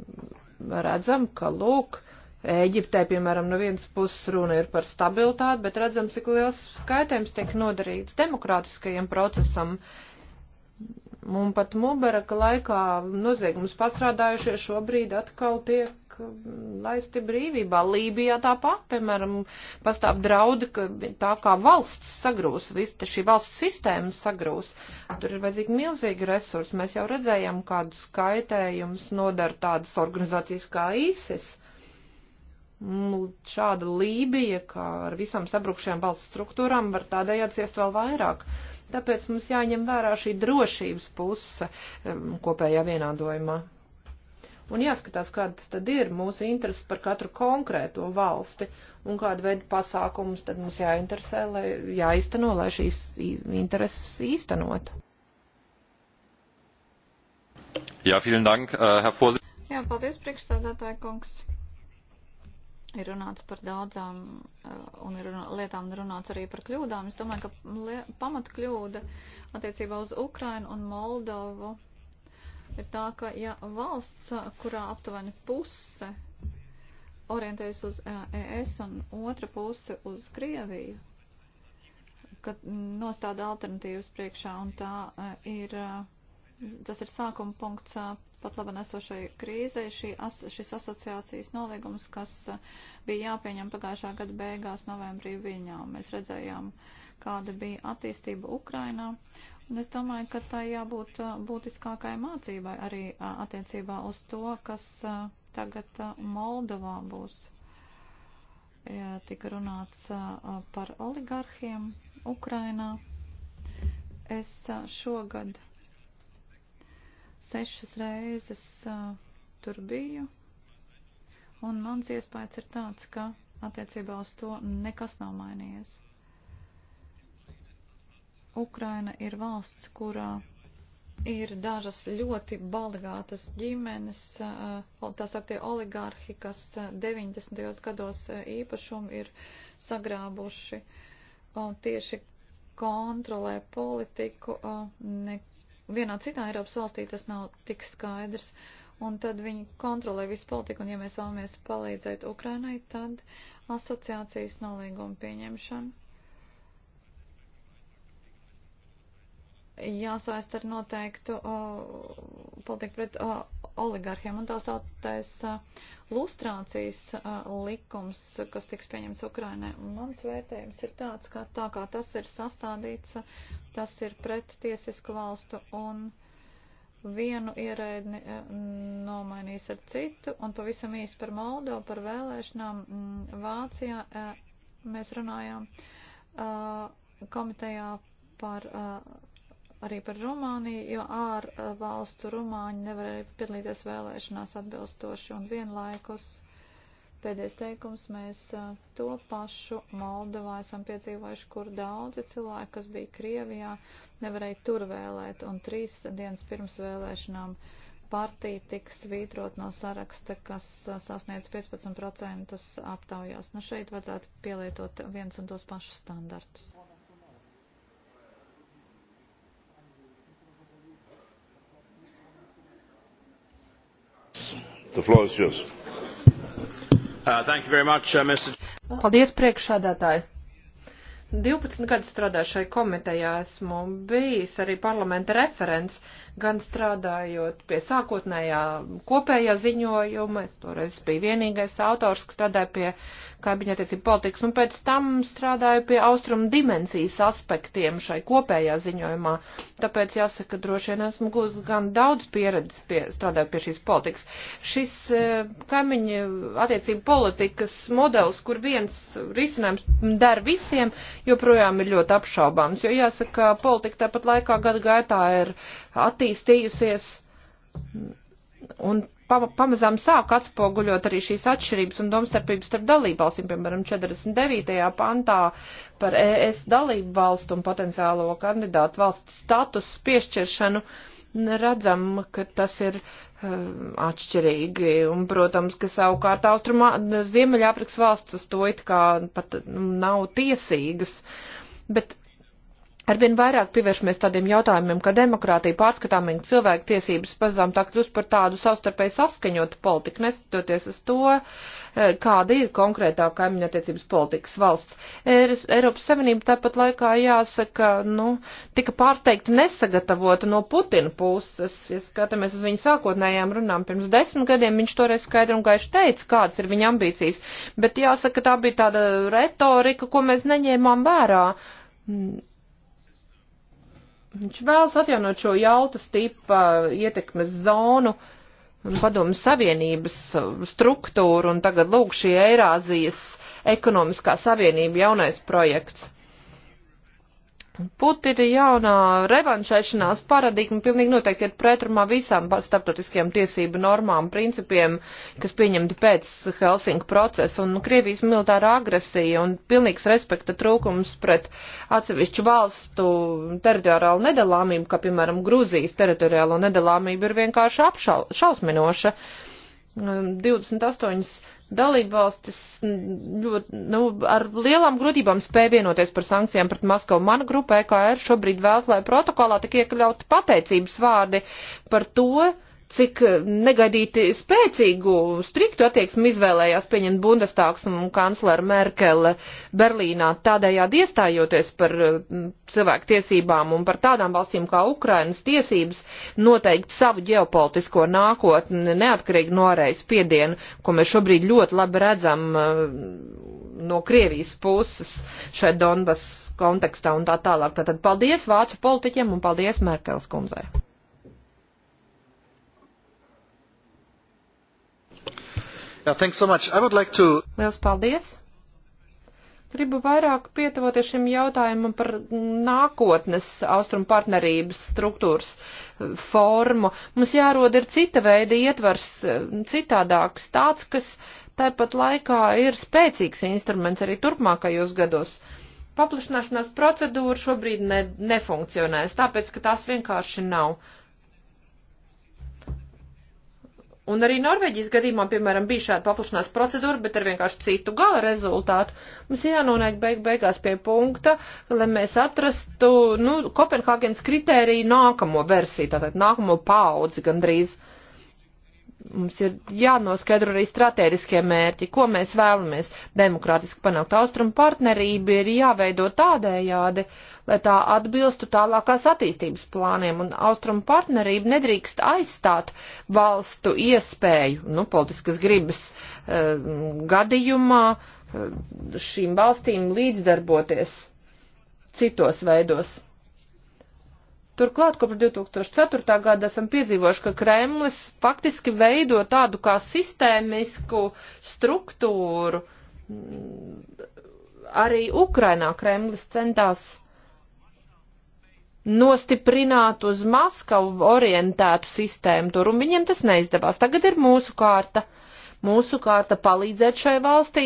redzam, ka lūk, Ēģiptē, piemēram, no vienas puses runa ir par stabilitāti, bet redzam, cik liels skaitējums tiek nodarīts demokrātiskajam procesam. Uh, Un pat Mubaraka laikā noziegums pastrādājušie šobrīd atkal tiek mm, laisti brīvībā. Lībijā tāpat, piemēram, pastāv draudi, ka tā kā valsts sagrūs, visa šī valsts sistēma sagrūs, tur ir vajadzīgi milzīgi resursi. Mēs jau redzējām, kādu skaitējumus nodara tādas organizācijas kā ISIS. Nu, šāda Lībija, kā ar visām sabrukšajām valsts struktūrām, var tādējādi ciest vēl vairāk. Uh, Tāpēc mums jāņem vērā šī drošības puse kopējā vienādojumā. Un jāskatās, kādas tad ir mūsu intereses par katru konkrēto valsti un kādu veidu pasākumus tad mums jāinteresē, lai jāizteno, lai šīs intereses īstenotu. Jā, vielen dank, uh, Herr Vorsitzender. Jā, paldies, priekšstādātāja kungs ir runāts par daudzām eh, un ir runā, lietām runāts arī par kļūdām. Es domāju, ka pamata kļūda attiecībā uz Ukrainu un Moldovu ir tā, ka ja valsts, kurā aptuveni puse orientējas uz ES eh, e un otra puse uz Krieviju, kad nostāda alternatīvas priekšā un tā eh, ir. Uh, tas ir sākuma punkts pat laba nesošai krīzei. Šī, as, šis asociācijas nolīgums, kas bija jāpieņem pagājušā gada beigās novembrī viņā, mēs redzējām, kāda bija attīstība Ukrainā. Un es domāju, ka tā jābūt būtiskākai mācībai arī attiecībā uz to, kas tagad Moldovā būs. Ja tika runāts par oligarhiem Ukrainā. Es šogad Sešas reizes uh, tur biju, un mans iespējas ir tāds, ka attiecībā uz to nekas nav mainījies. Ukraina ir valsts, kurā ir dažas ļoti balgātas ģimenes, tā saktie oligārhi, kas 90. gados īpašumu ir sagrābuši un tieši kontrolē politiku, ne, Vienā citā Eiropas valstī tas nav tik skaidrs. Un tad viņi kontrolē visu politiku, un ja mēs vēlamies palīdzēt Ukrainai, tad asociācijas nolīguma pieņemšana jāsaist ar noteiktu politiku pret oligarhiem. Un tā sautais lustrācijas likums, kas tiks pieņemts Ukrainai. Mans vērtējums ir tāds, ka tā kā tas ir sastādīts, tas ir pret tiesisku valstu un vienu ierēdni nomainīs ar citu. Un pavisam īsi par Moldovu, par vēlēšanām mm, Vācijā mēs runājām komitejā par uh, arī par Rumāniju, jo ārvalstu rumāņi nevarēja piedalīties vēlēšanās atbilstoši un vienlaikus. Pēdējais teikums, mēs to pašu Moldovā esam piedzīvojuši, kur daudzi cilvēki, kas bija Krievijā, nevarēja tur vēlēt, un trīs dienas pirms vēlēšanām partija tika svītrot no saraksta, kas sasniedz 15% aptaujās. Nu šeit vajadzētu pielietot viens un tos pašus standartus. The floor is yours. Uh, thank you very much, uh, Mr. Paldies, priekšsādātāji. 12 gadus strādāju šai komitejā, esmu bijis arī parlamenta referents, gan strādājot pie sākotnējā kopējā ziņojuma, es toreiz biju vienīgais autors, kas strādāja pie kaimiņattiecību politikas, un pēc tam strādāju pie austrumu dimensijas aspektiem šai kopējā ziņojumā, tāpēc jāsaka, ka droši vien esmu gūst gan daudz pieredzes pie, strādājot pie šīs politikas. Šis e, kaimiņu attiecību politikas modelis, kur viens risinājums der visiem, joprojām ir ļoti apšaubāms, jo jāsaka, politika tāpat laikā gadu gaitā ir attīstījusies un pamazām sāk atspoguļot arī šīs atšķirības un domstarpības starp dalībvalstīm, piemēram, 49. pantā par ES dalību valstu un potenciālo kandidātu valsts status piešķiršanu redzam, ka tas ir Ehm, atšķirīgi, un, protams, ka savukārt austrumā, Ziemeļāfrikas valsts uz to it kā pat nu, nav tiesīgas, bet Arvien vairāk pievēršamies tādiem jautājumiem, kā demokrātija, pārskatāmība, cilvēku tiesības pazām tā kļūst par tādu savstarpēji saskaņotu politiku, neskatoties uz to, eh, kāda ir konkrētā kaimiņattiecības politikas valsts. Eiropas Savienība tāpat laikā jāsaka, nu, tika pārsteigta nesagatavota no Putina puses. Ja skatāmies uz viņu sākotnējām runām pirms desmit gadiem, viņš toreiz skaidri un gaiši teica, kādas ir viņa ambīcijas. Bet jāsaka, tā bija tāda retorika, ko mēs neņēmām vērā. Mm, Viņš vēlas atjaunot šo jautas tipa ietekmes zonu un padomu savienības uh, struktūru, un tagad lūk šī Eirāzijas ekonomiskā savienība jaunais projekts. Putina jaunā revanšēšanās paradigma pilnīgi noteikti ir pretrunā visām starptautiskajām tiesību normām, principiem, kas pieņemti pēc Helsinku procesa, un Krievijas militārā agresija un pilnīgs respekta trūkums pret atsevišķu valstu teritoriālu nedalāmību, kā piemēram Grūzijas teritoriālo nedalāmību, ir vienkārši apšausminoša. Apša 28 hm, dalībvalstis hm, ļoti, nu, ar lielām grūtībām spēja vienoties par sankcijām pret Maskavu. Mana grupa EKR šobrīd vēlas, lai protokolā tik iekļaut pateicības vārdi par to, cik negaidīti spēcīgu, striktu attieksmi izvēlējās pieņemt Bundestāks un kanclera Merkele Berlīnā, tādējādi iestājoties par mm, cilvēku tiesībām un par tādām valstīm kā Ukrainas tiesības noteikt savu ģeopolitisko nākotni neatkarīgi no ārējas piedienu, ko mēs šobrīd ļoti labi redzam mm, no Krievijas puses šai Donbas kontekstā un tā tālāk. Tātad paldies vācu politiķiem un paldies Merkels kundzei. Yeah, so like to... Liels paldies! Gribu vairāk pietuvoties šim jautājumam par nākotnes austrumu partnerības struktūras eh, formu. Mums jārod ir cita veida ietvars, eh, citādāks tāds, kas tāpat laikā ir spēcīgs instruments arī turpmākajos gados. Paplašināšanās procedūra šobrīd ne, nefunkcionēs, tāpēc, ka tās vienkārši nav. Uh, Un arī Norvēģijas gadījumā, piemēram, bija šāda paplašanās procedūra, bet ar vienkārši citu gala rezultātu. Mums jānonāk beig beigās pie punkta, lai mēs atrastu, nu, Kopenhāgenes kritēriju nākamo versiju, tātad nākamo paudzi gandrīz. Uh, Mums ir jānoskaidro arī strateģiskie mērķi, ko mēs vēlamies. Demokrātiski panākt austrumu partnerību ir jāveido tādējādi, lai tā atbilstu tālākās attīstības plāniem, un austrumu partnerību nedrīkst aizstāt valstu iespēju, nu, politiskas gribas uh, gadījumā uh, šīm valstīm līdzdarboties citos veidos. Turklāt kopš 2004. gada esam piedzīvojuši, ka Kremlis faktiski veido tādu kā sistēmisku struktūru. Arī Ukrainā Kremlis centās nostiprināt uz Maskavu orientētu sistēmu tur, un viņiem tas neizdevās. Tagad ir mūsu kārta. Uh, mūsu kārta palīdzēt šai valstī,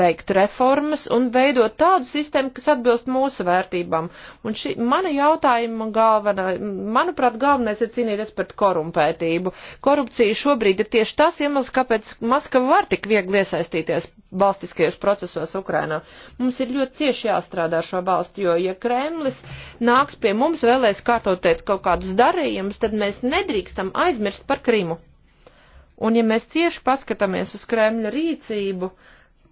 veikt reformas un veidot tādu sistēmu, kas atbilst mūsu vērtībām. Un šī mana jautājuma galvenā, manuprāt, galvenais ir cīnīties pret korumpētību. Korupcija šobrīd ir tieši tas iemesls, kāpēc Maskava var tik viegli iesaistīties valstiskajos procesos Ukrainā. Mums ir ļoti cieši jāstrādā šo valstu, jo ja Kremlis nāks pie mums vēlēs kārtotēt kaut kādus darījumus, tad mēs nedrīkstam aizmirst par Krimu. Un ja mēs cieši paskatāmies uz Kremļa rīcību,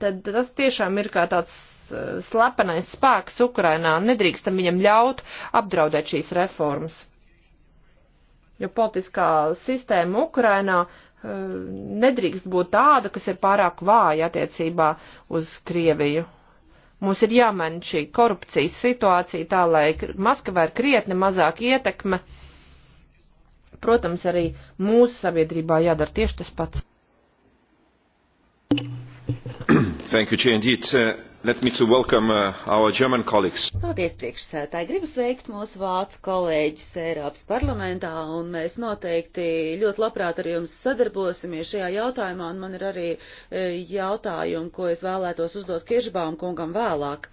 tad tas tiešām ir kā tāds eh, slepenais spēks Ukrainā. Nedrīkstam viņam ļaut apdraudēt šīs reformas. Jo politiskā sistēma Ukrainā eh, nedrīkst būt tāda, kas ir pārāk vāja attiecībā uz Krieviju. Mums ir jāmaina šī korupcijas situācija tā, lai Maskavai ir krietni mazāk ietekme uh, protams, arī mūsu sabiedrībā jādara tieši tas pats. Thank you, Jane. Let me to welcome uh, our German colleagues. Paldies, priekšsētāji. Gribu sveikt mūsu vācu kolēģis Eiropas parlamentā, un mēs noteikti ļoti labprāt ar jums sadarbosimies šajā jautājumā, un man ir arī e, jautājumi, ko es vēlētos uzdot Kiržbām kungam vēlāk.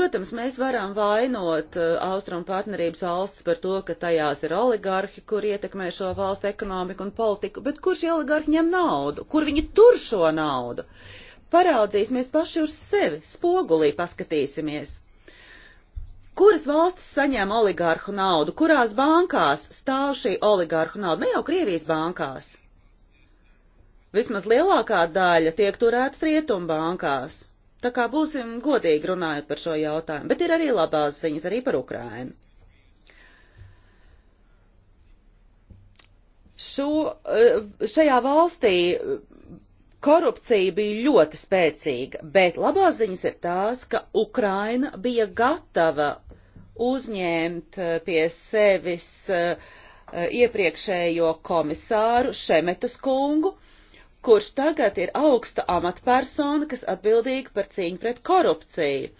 Protams, mēs varam vainot e, Austrum partnerības valsts par to, ka tajās ir oligarhi, kur ietekmē šo valstu ekonomiku un politiku, bet kurš oligarhi ņem naudu? Kur viņi tur šo naudu? paraudzīsimies paši uz sevi, spogulī paskatīsimies. Kuras valstis saņem oligārhu naudu, kurās bankās stāv šī oligārhu nauda, ne jau Krievijas bankās? Vismaz lielākā daļa tiek turētas rietumbankās. Tā kā būsim godīgi runājot par šo jautājumu, bet ir arī labās ziņas arī par Ukrainu. Šo, eh, šajā valstī Korupcija bija ļoti spēcīga, bet labās ziņas ir tās, ka Ukraina bija gatava uzņemt eh, pie sevis eh, iepriekšējo komisāru Šemetas kungu, kurš tagad ir augsta amatpersona, kas atbildīga par cīņu pret korupciju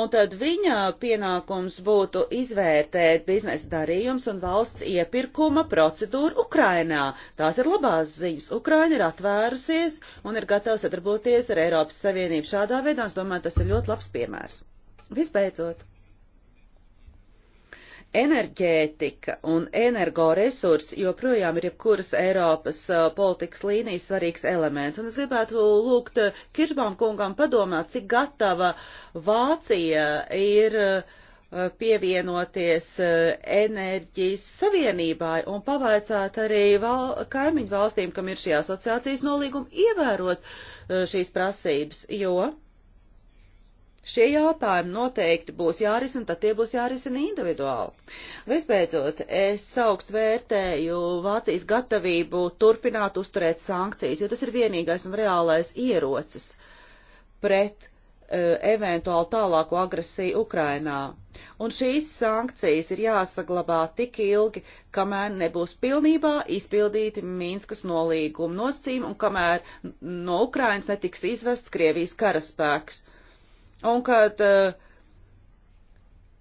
un tad viņa pienākums būtu izvērtēt biznesa darījums un valsts iepirkuma procedūru Ukrainā. Tās ir labās ziņas. Ukraina ir atvērusies un ir gatava sadarboties ar Eiropas Savienību šādā veidā, un es domāju, tas ir ļoti labs piemērs. Visbeidzot. Enerģētika un energoresursi joprojām ir jebkuras Eiropas uh, politikas līnijas svarīgs elements, un es gribētu lūgt uh, Kiržbaum kungam padomāt, cik gatava Vācija ir uh, pievienoties enerģijas savienībai un pavaicāt arī val, kaimiņu valstīm, kam ir šī asociācijas nolīguma, ievērot šīs prasības, jo Šie jautājumi noteikti būs jārisina, tad tie būs jārisina individuāli. Visbeidzot, es augstu vērtēju Vācijas gatavību turpināt uzturēt sankcijas, jo tas ir vienīgais un reālais ierocis pret uh, eventuāli tālāko agresiju Ukrainā. Un šīs sankcijas ir jāsaglabā tik ilgi, kamēr nebūs pilnībā izpildīti Mīnskas nolīguma nosacījumi un kamēr no Ukrainas netiks izvests Krievijas karaspēks. Uh, un kad uh,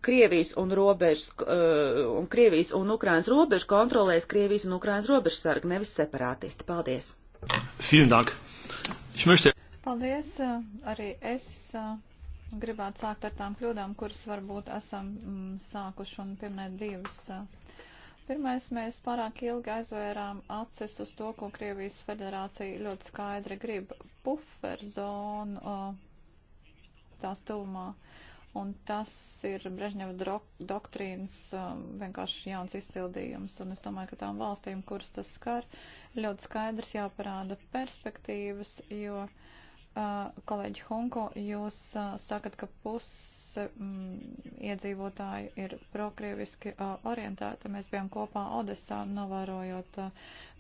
Krievijas un, robežas, uh, un Krievijas un Ukrainas robežu kontrolēs Krievijas un Ukrainas robežu sargi, nevis separātisti. Paldies! Paldies! Arī es eh, gribētu sākt ar tām kļūdām, kuras varbūt esam mm, sākuši un pieminēt divas. Pirmais, mēs pārāk ilgi aizvērām acis uz to, ko Krievijas federācija ļoti skaidri grib - puferzonu tās tuvumā. Un tas ir Brežņeva doktrīnas um, vienkārši jauns izpildījums. Un es domāju, ka tām valstīm, kuras tas skar, ļoti skaidrs jāparāda perspektīvas, jo, uh, kolēģi Hunko, jūs uh, sakat, ka puse mm, iedzīvotāji ir prokrieviski uh, orientēti. Mēs bijām kopā Odesā, novērojot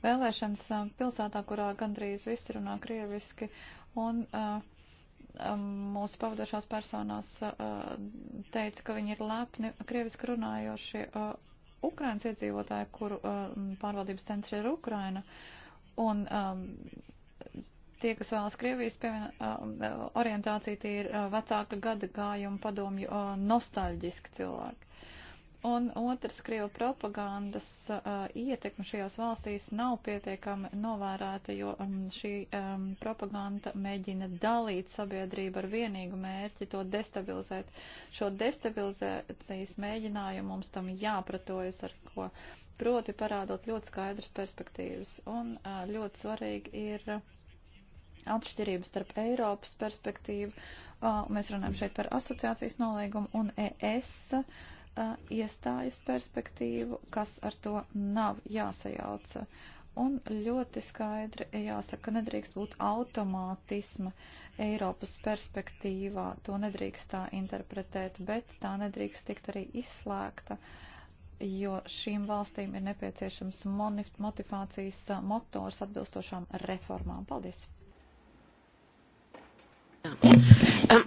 vēlēšanas pilsētā, kurā gandrīz visi runā krieviski. Un, uh, Um, mūsu pavadošās personās uh, teica, ka viņi ir lepni krieviski runājoši uh, Ukrainas iedzīvotāji, kuru uh, pārvaldības centri ir Ukraina. Un um, tie, kas vēlas Krievijas pieviena, orientācija, tie ir vecāka gada gājuma padomju nostalģiski cilvēki. Un otrs, Krieva propagandas uh, ietekme šajās valstīs nav pietiekami novērēta, jo um, šī um, propaganda mēģina dalīt sabiedrību ar vienīgu mērķi to destabilizēt. Šo destabilizācijas mēģinājumu mums tam jāpratojas ar ko, proti parādot ļoti skaidras perspektīvas. Un uh, ļoti svarīgi ir atšķirības starp Eiropas perspektīvu, uh, mēs runājam šeit par asociācijas nolīgumu un ES. Uh, iestājas perspektīvu, kas ar to nav jāsajauca. Un ļoti skaidri jāsaka, nedrīkst būt automātisma Eiropas perspektīvā, to nedrīkst tā interpretēt, bet tā nedrīkst tikt arī izslēgta, jo šīm valstīm ir nepieciešams motivācijas motors atbilstošām reformām. Paldies! Ja.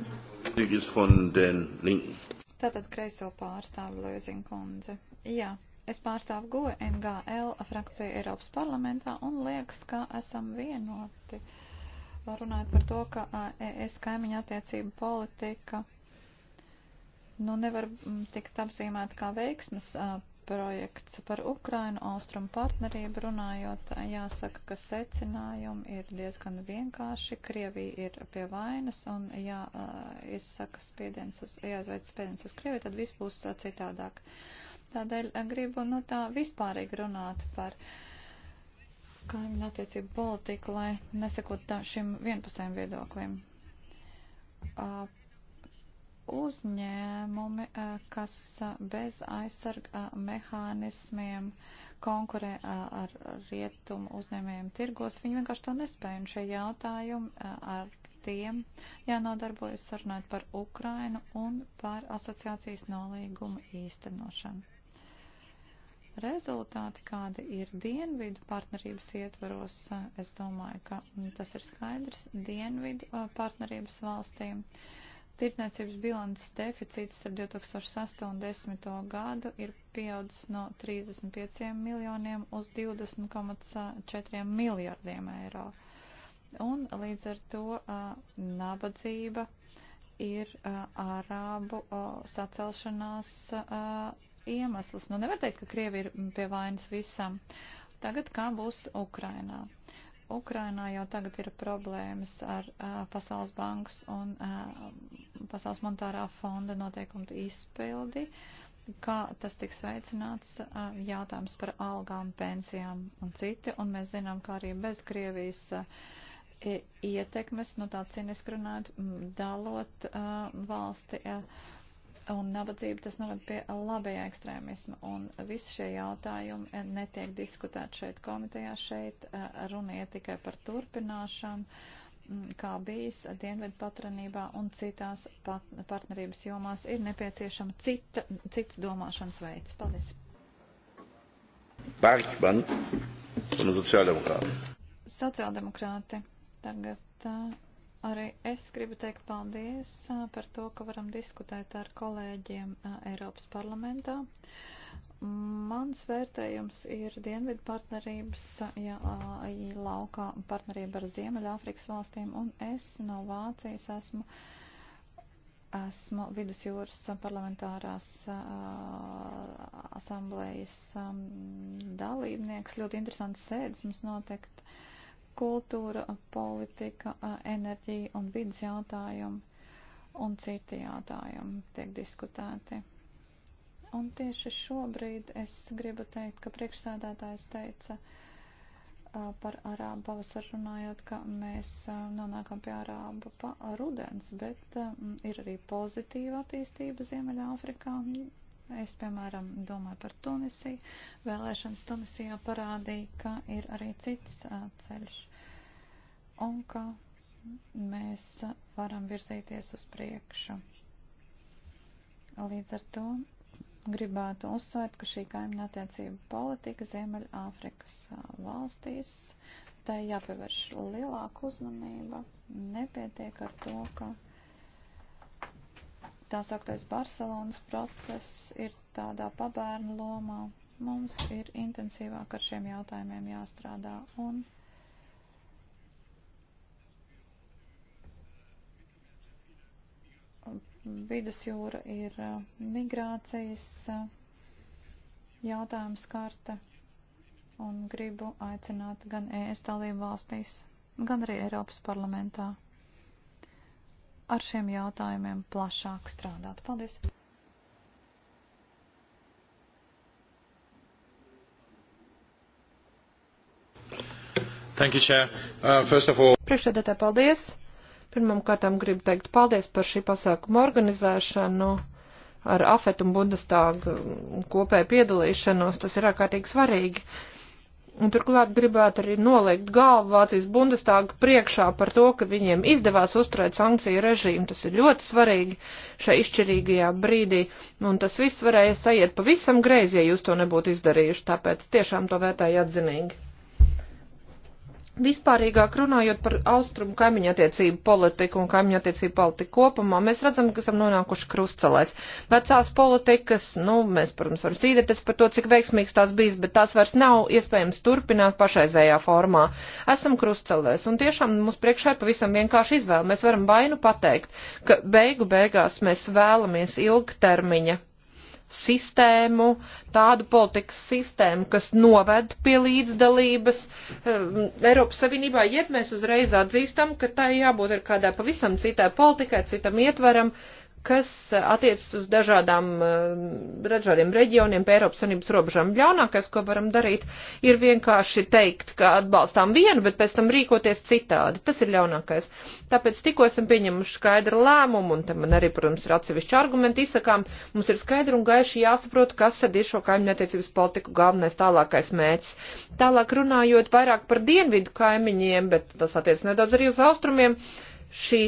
Um. Tātad kreiso pārstāvu Lēzina kundze. Jā, es pārstāvu GOE NGL frakciju Eiropas parlamentā un liekas, ka esam vienoti. Runājot par to, ka ES kaimiņa attiecība politika nu, nevar tikt apzīmēta kā veiksmes projekts par Ukrainu, Austrum partnerību runājot, jāsaka, ka secinājumi ir diezgan vienkārši. Krievija ir pie vainas un jāizsaka spiediens uz, jāizveic spiediens uz Krieviju, tad viss būs citādāk. Tādēļ gribu, nu, tā vispārīgi runāt par kaimiņu attiecību politiku, lai nesakot šim vienpusējiem viedoklim uzņēmumi, kas bez aizsarga mehānismiem konkurē ar rietumu uzņēmējiem tirgos, viņi vienkārši to nespēja. Un šie jautājumi ar tiem jānodarbojas sarunāt par Ukrainu un par asociācijas nolīgumu īstenošanu. Rezultāti, kādi ir dienvidu partnerības ietvaros, es domāju, ka tas ir skaidrs dienvidu partnerības valstīm. Uh, Tirtniecības bilances deficīts ar 2008 un 2010 gadu ir pieaudzis no 35 miljoniem uz 20,4 miljardiem eiro. Un līdz ar to uh, nabadzība ir uh, arābu uh, sacelšanās uh, iemesls. Nu, nevar teikt, ka Krievi ir pie vainas visam. Tagad kā būs Ukrainā? Uh, Ukrainā jau tagad ir problēmas ar uh, Pasaules bankas un uh, Pasaules monetārā fonda noteikumu izpildi. Kā tas tiks veicināts, uh, jautājums par algām, pensijām un citi. Un mēs zinām, ka arī bez Krievijas uh, ietekmes, nu tā ciniski runājot, dalot uh, valsti. Uh, un nabadzību, tas noved pie labajā ekstrēmisma. Un visi šie jautājumi netiek diskutēti šeit komitejā, šeit eh, runiet tikai par turpināšanu, mm, kā bijis Dienvidu patranībā un citās pat, partnerības jomās ir nepieciešama cita, cits domāšanas veids. Paldies! Bergman, sociāldemokrāti. Sociāldemokrāti. Tagad. Uh, Arī es gribu teikt paldies par to, ka varam diskutēt ar kolēģiem Eiropas parlamentā. Mans vērtējums ir Dienvidu partnerības jā, laukā partnerība ar Ziemeļāfrikas valstīm, un es no Vācijas esmu, esmu Vidusjūras parlamentārās asamblējas dalībnieks. Ļoti interesants sēdes mums noteikti kultūra, politika, enerģija un vidas jautājumi un citi jautājumi tiek diskutēti. Un tieši šobrīd es gribu teikt, ka priekšsēdētājs teica par arābu pavasaru runājot, ka mēs nonākam pie arābu pa rudens, bet ir arī pozitīva attīstība Ziemeļā Afrikā. Es, piemēram, domāju par Tunisiju. Vēlēšanas Tunisijā parādīja, ka ir arī cits ceļš un ka mēs varam virzīties uz priekšu. Līdz ar to gribētu uzsvērt, ka šī kaimiņa attiecība politika Ziemeļāfrikas valstīs, tai jāpievērš lielāka uzmanība, nepietiek ar to, ka tā sauktais Barcelonas process ir tādā pabērnu lomā. Mums ir intensīvāk ar šiem jautājumiem jāstrādā un vidusjūra ir migrācijas jautājums karta un gribu aicināt gan ES dalību valstīs, gan arī Eiropas parlamentā ar šiem jautājumiem plašāk strādāt. Paldies! Thank you, Chair. Uh, first of all... Priekšsēdētāji, paldies! Pirmam kārtām gribu teikt paldies par šī pasākuma organizēšanu ar afetu un bundestāgu kopēju piedalīšanos. Tas ir ārkārtīgi svarīgi. Un turklāt gribētu arī nolikt galvu Vācijas bundestāga priekšā par to, ka viņiem izdevās uzturēt sankciju režīmu. Tas ir ļoti svarīgi šai izšķirīgajā brīdī. Un tas viss varēja sajiet pavisam greizi, ja jūs to nebūtu izdarījuši. Tāpēc tiešām to vērtēju atzinīgi. Vispārīgāk runājot par austrumu kaimiņu attiecību politiku un kaimiņu attiecību politiku kopumā, mēs redzam, ka esam nonākuši krustcelēs. Vecās politikas, nu, mēs, protams, varam cīdēties par to, cik veiksmīgs tās bijis, bet tās vairs nav iespējams turpināt pašaizējā formā. Esam krustcelēs un tiešām mums priekšā ir pavisam vienkārši izvēle. Mēs varam vainu pateikt, ka beigu beigās mēs vēlamies ilgtermiņa sistēmu, tādu politikas sistēmu, kas noved pie līdzdalības um, Eiropas Savienībā, jeb mēs uzreiz atzīstam, ka tā jābūt ir kādā pavisam citai politikai, citam ietveram, uh, kas attiecas uz dažādām, eh, dažādiem reģioniem pie Eiropas Savienības robežām. Ļaunākais, ko varam darīt, ir vienkārši teikt, ka atbalstām vienu, bet pēc tam rīkoties citādi. Tas ir ļaunākais. Tāpēc tikko esam pieņemuši skaidru lēmumu, un tam man arī, protams, ir atsevišķi argumenti izsakām, mums ir skaidri un gaiši jāsaprot, kas tad ir šo kaimiņattiecības politiku galvenais tālākais mēķis. Tālāk runājot vairāk par dienvidu kaimiņiem, bet tas attiec nedaudz arī uz austrumiem. Uh, šī,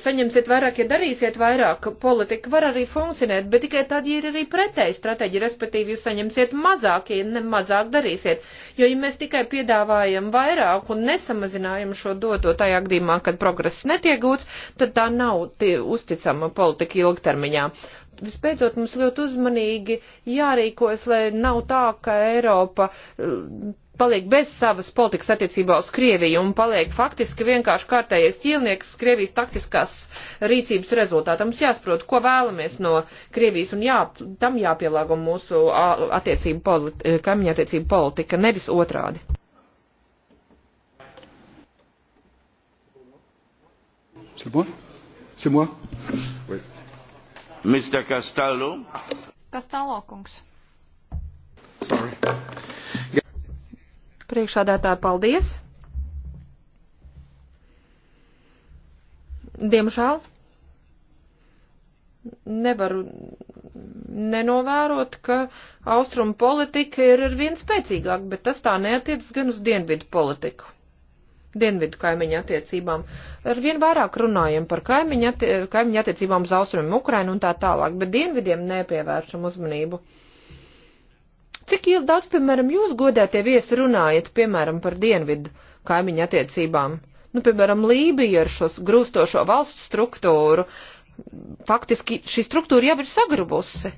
saņemsiet vairāk, ja darīsiet vairāk, politika var arī funkcionēt, bet tikai tad, ja ir arī pretēji stratēģi, respektīvi jūs saņemsiet mazāk, ja ne mazāk darīsiet. Jo, ja mēs tikai piedāvājam vairāk un nesamazinājam šo doto tajā gadījumā, kad progress netiek gūts, tad tā nav tie, uzticama politika ilgtermiņā. Vispēcot, mums ļoti uzmanīgi jārīkojas, lai nav tā, ka Eiropa paliek bez savas politikas attiecībā uz Krieviju un paliek faktiski vienkārši kārtējais ķīlnieks Krievijas taktiskās rīcības rezultātā. Mums jāsaprot, ko vēlamies no Krievijas un jā, tam jāpielāgo mūsu attiecību politi e, kaimiņa attiecību politika, nevis otrādi. C'est moi C'est moi Oui. Mr. Castallo Castallo, kungs. Sorry. Priekšādātāji, paldies! Diemžēl nevaru nenovērot, ka austrumu politika ir ar vien spēcīgāk, bet tas tā neatiecas gan uz dienvidu politiku. Dienvidu kaimiņu attiecībām. Ar vien vairāk runājam par kaimiņu, atti kaimiņu attiecībām uz austrumiem Ukrainu un tā tālāk, bet dienvidiem nepievēršam uzmanību. Uh, Cik daudz, piemēram, jūs godētie viesi runājat, piemēram, par dienvidu kaimiņu attiecībām? Nu, piemēram, Lībija ar šo grūstošo valsts struktūru. Faktiski šī struktūra jau ir sagrubusi.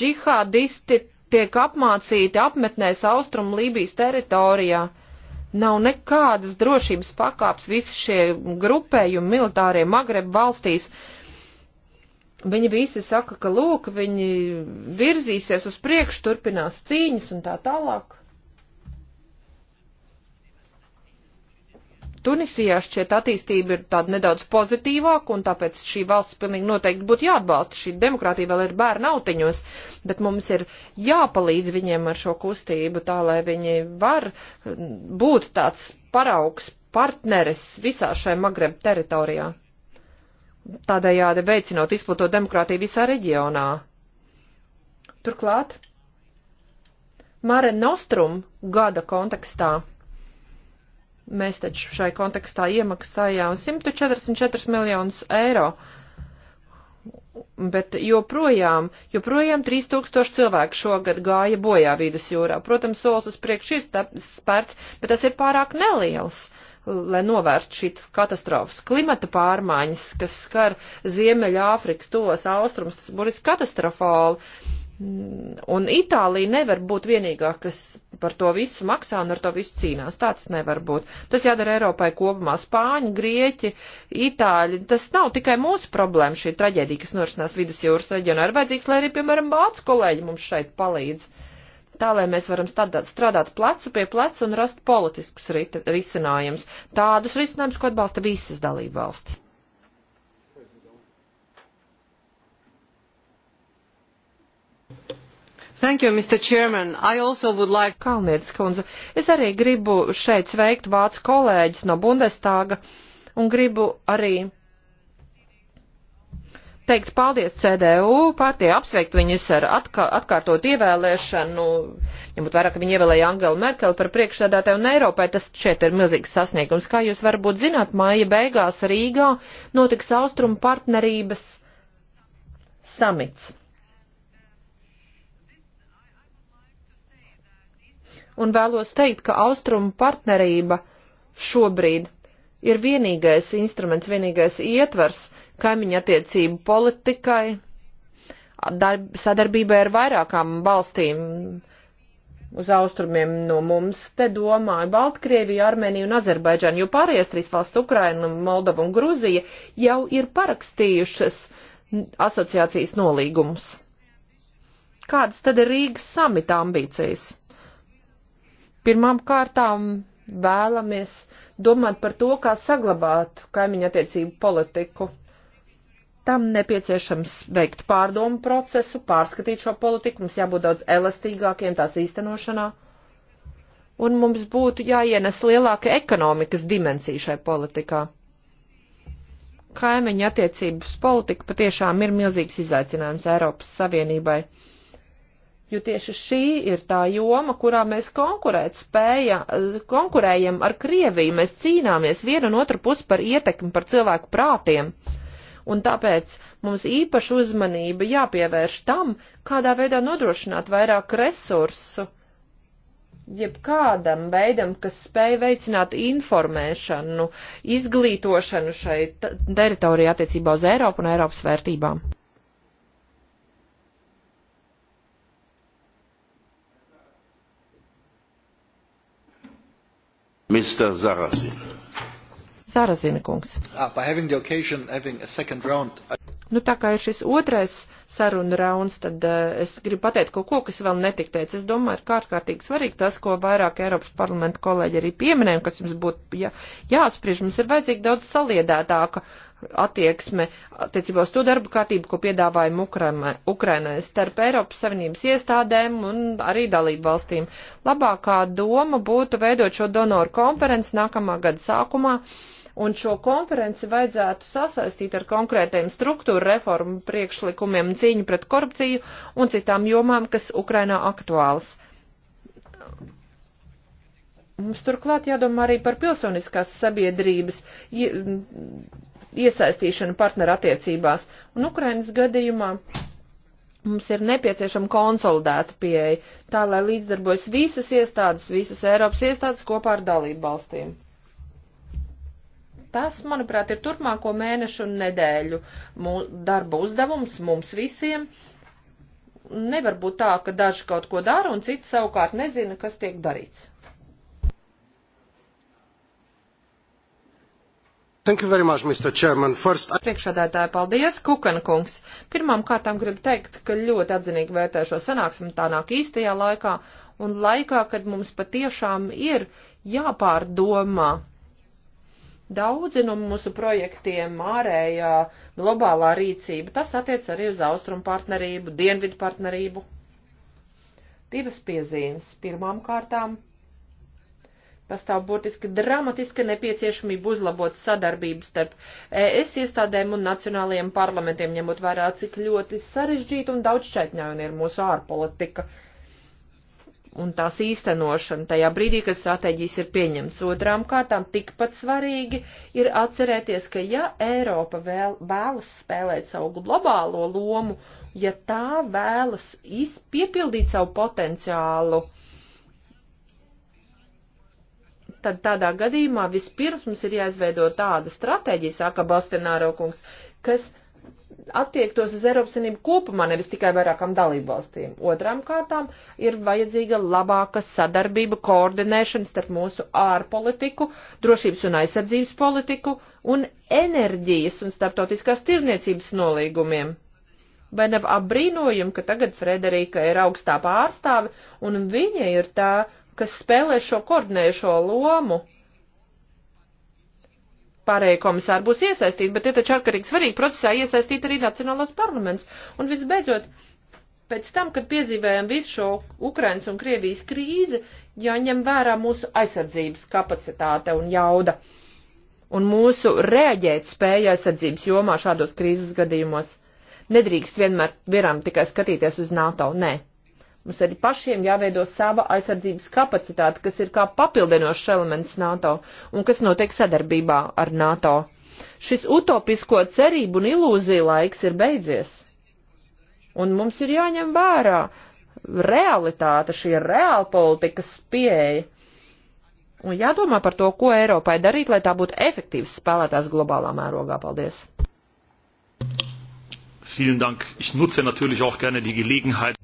Džihādisti tiek apmācīti apmetnēs austrum Lībijas teritorijā. Nav nekādas drošības pakāps visi šie grupējumi militārie Magreb valstīs. Uh, Viņi visi saka, ka lūk, viņi virzīsies uz priekšu, turpinās cīņas un tā tālāk. Tunisijā šķiet attīstība ir tāda nedaudz pozitīvāka, un tāpēc šī valsts pilnīgi noteikti būtu jāatbalsta. Šī demokrātija vēl ir bērnu autiņos, bet mums ir jāpalīdz viņiem ar šo kustību, tā lai viņi var būt tāds paraugs partneris visā šai Magreb teritorijā tādējādi veicinot izplatot demokrātiju visā reģionā. Turklāt Mare Nostrum gada kontekstā mēs taču šai kontekstā iemaksājām 144 miljonus eiro, bet joprojām, joprojām 3000 cilvēku šogad gāja bojā vidusjūrā. Protams, solis uz priekšu ir spērts, bet tas ir pārāk neliels. Uh, lai novērstu šīs katastrofas. Klimata pārmaiņas, kas skar Ziemeļāfrikas tos austrums, tas būs katastrofāli. Un Itālija nevar būt vienīgā, kas par to visu maksā un ar to visu cīnās. Tāds nevar būt. Tas jādara Eiropai kopumā. Spāņi, Grieķi, Itāļi. Tas nav tikai mūsu problēma šī traģēdija, kas norisinās vidusjūras reģionā. Ir vajadzīgs, lai arī, piemēram, Vācu kolēģi mums šeit palīdz. Uh, tā, lai mēs varam stādāt, strādāt plecu pie pleca un rast politiskus risinājumus. Tādus risinājumus, ko atbalsta visas dalība valstis. Thank you, Mr. Chairman. I also would like... Kalnietis kundze, es arī gribu šeit sveikt vācu kolēģis no Bundestāga un gribu arī teikt paldies CDU partijai, apsveikt viņus ar atka, atkārtot ievēlēšanu, ņemot vairāk, ka viņi ievēlēja Angelu Merkeli par priekšsēdētāju un Eiropai, tas šeit ir milzīgs sasniegums. Kā jūs varbūt zināt, māja beigās Rīgā notiks austrumu partnerības samits. Un vēlos teikt, ka austrumu partnerība šobrīd ir vienīgais instruments, vienīgais ietvers kaimiņa attiecību politikai, darb, sadarbībai ar vairākām valstīm uz austrumiem no mums. Te domāju Baltkrieviju, Armēniju un Azerbaidžanu, jo pārējās trīs valsts - Ukraina, Moldova un Gruzija - jau ir parakstījušas asociācijas nolīgumus. Kādas tad ir Rīgas samita ambīcijas? Pirmām kārtām vēlamies domāt par to, kā saglabāt kaimiņa attiecību politiku. Tam nepieciešams veikt pārdomu procesu, pārskatīt šo politiku, mums jābūt daudz elastīgākiem tās īstenošanā, un mums būtu jāienes lielāka ekonomikas dimensija šai politikā. Kaimiņa attiecības politika patiešām ir milzīgs izaicinājums Eiropas Savienībai jo tieši šī ir tā joma, kurā mēs konkurēt spēja, konkurējam ar Krieviju, mēs cīnāmies vienu un otru pusi par ietekmi, par cilvēku prātiem. Un tāpēc mums īpaši uzmanība jāpievērš tam, kādā veidā nodrošināt vairāk resursu, jebkādam veidam, kas spēj veicināt informēšanu, izglītošanu šai teritorijā attiecībā uz Eiropu un Eiropas vērtībām. Mr. Sarrazin. Sarrazina kungs. Ah, by having the occasion, having a second round. I... Nu, tā kā ir šis otrais saruna rauns, tad uh, es gribu pateikt kaut ko, kas vēl netika teicis. Es domāju, ir kārtkārtīgi svarīgi tas, ko vairāk Eiropas parlamenta kolēģi arī pieminēja, kas jums būtu jā, jāspriež. Mums ir vajadzīga daudz saliedētāka attieksme attiecībā uz to darbu kārtību, ko piedāvājam Ukrainai, Ukrainai starp Eiropas Savienības iestādēm un arī dalību valstīm. Labākā doma būtu veidot šo donoru konferenci nākamā gada sākumā. Uh, un šo konferenci vajadzētu sasaistīt ar konkrētiem struktūra reformu priekšlikumiem, cīņu pret korupciju un citām jomām, kas Ukrainā aktuāls. Mums turklāt jādomā arī par pilsoniskās sabiedrības iesaistīšanu partnerattiecībās, un Ukrainas gadījumā mums ir nepieciešama konsolidēta pieeja, tā lai līdzdarbojas visas iestādes, visas Eiropas iestādes kopā ar dalību valstīm. Tas, manuprāt, ir turpmāko mēnešu un nedēļu darba uzdevums mums visiem. Nevar būt tā, ka daži kaut ko dara un citi savukārt nezina, kas tiek darīts. Much, First... Priekšādātāja, paldies, Kukana kungs. Pirmām kārtām gribu teikt, ka ļoti atzinīgi vērtē šo sanāksmi, tā nāk īstajā laikā un laikā, kad mums patiešām ir jāpārdomā Daudzi no mūsu projektiem ārējā globālā rīcība, tas attiec arī uz austrumu partnerību, dienvidu partnerību. Divas piezīmes. Pirmām kārtām pastāv būtiski dramatiska nepieciešamība uzlabot sadarbību starp ES iestādēm un nacionālajiem parlamentiem, ņemot vērā, cik ļoti sarežģīta un daudzšķaitņaina ir mūsu ārpolitika. politika un tās īstenošana tajā brīdī, kad stratēģijas ir pieņemts. Otrām kārtām tikpat svarīgi ir atcerēties, ka ja Eiropa vēl, vēlas spēlēt savu globālo lomu, ja tā vēlas piepildīt savu potenciālu, tad tādā gadījumā vispirms mums ir jāizveido tāda stratēģija, saka Bostonāro kungs, kas attiektos uz Eiropas Savienību kopumā, nevis tikai vairākām dalībvalstīm. Otrām kārtām ir vajadzīga labāka sadarbība, koordinēšana starp mūsu ārpolitiku, drošības un aizsardzības politiku un enerģijas un starptautiskās tirniecības nolīgumiem. Vai nav apbrīnojumi, ka tagad Frederika ir augstā pārstāve un viņa ir tā, kas spēlē šo koordinējušo lomu? pārējie komisāri būs iesaistīti, bet ir taču ārkārtīgi svarīgi procesā iesaistīt arī Nacionālos parlaments. Un visbeidzot, pēc tam, kad piedzīvējam visu šo Ukrainas un Krievijas krīzi, jāņem vērā mūsu aizsardzības kapacitāte un jauda un mūsu reaģēt spēja aizsardzības jomā šādos krīzes gadījumos. Nedrīkst vienmēr viram tikai skatīties uz NATO, nē. Ne Mums arī pašiem jāveido sava aizsardzības kapacitāte, kas ir kā papildinošs elements NATO un kas notiek sadarbībā ar NATO. Šis utopisko cerību un ilūziju laiks ir beidzies. Un mums ir jāņem vērā realitāte, šī reāla politikas pieeja. Un jādomā par to, ko Eiropai darīt, lai tā būtu efektīvs spēlētājs globālā mērogā. Paldies! Vielen Dank. Ich nutze natürlich auch gerne die Gelegenheit.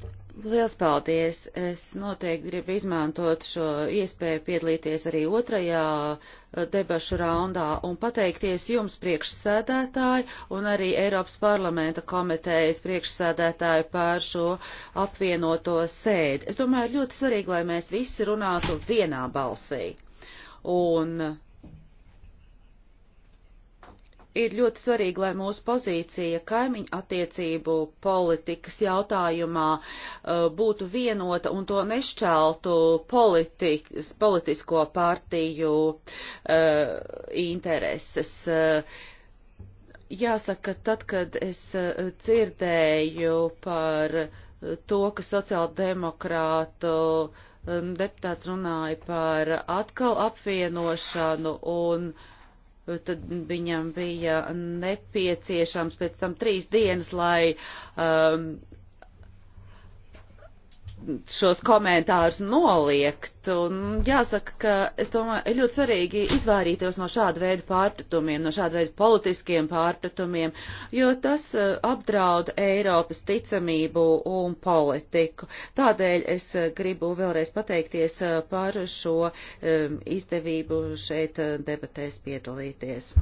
Liels paldies! Es noteikti gribu izmantot šo iespēju piedalīties arī otrajā eh, debašu raundā un pateikties jums priekšsēdētāji un arī Eiropas parlamenta komitejas priekšsēdētāji par šo apvienoto sēdi. Es domāju, ļoti svarīgi, lai mēs visi runātu vienā balsī. Un ir ļoti svarīgi, lai mūsu pozīcija kaimiņu attiecību politikas jautājumā uh, būtu vienota un to nešķeltu politikas, politisko partiju uh, intereses. Uh, jāsaka, tad, kad es uh, dzirdēju par to, ka sociāldemokrātu um, deputāts runāja par atkal apvienošanu un uh, tad viņam bija nepieciešams pēc tam trīs dienas, lai um, šos komentārus noliegt. Un jāsaka, ka es domāju, ir ļoti svarīgi izvairīties no šāda veida pārpratumiem, no šāda veida politiskiem pārpratumiem, jo tas eh, apdraud Eiropas ticamību un politiku. Tādēļ es eh, gribu vēlreiz pateikties eh, par šo izdevību šeit debatēs piedalīties.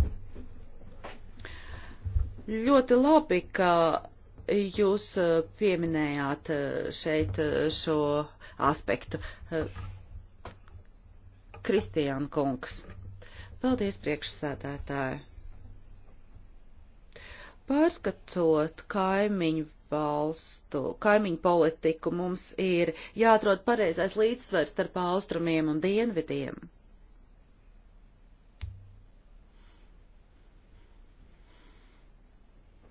Ļoti labi, ka jūs eh, pieminējāt eh, šeit eh, šo aspektu. Kristiāna kungs. Paldies, priekšsēdētāji. Pārskatot kaimiņu valstu, kaimiņu politiku, mums ir jāatrod pareizais līdzsvars starp austrumiem un dienvidiem.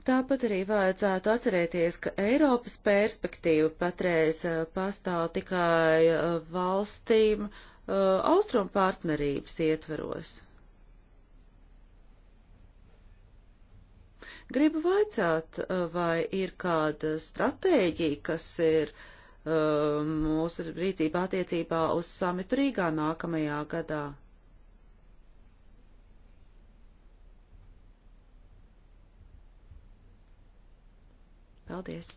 Tāpat arī vajadzētu atcerēties, ka Eiropas perspektīva patreiz eh, pastāv tikai eh, valstīm eh, austrumu partnerības ietveros. Gribu vaicāt, vai ir kāda stratēģija, kas ir mūsu rīcībā attiecībā uz samitu Rīgā nākamajā gadā? Paldies!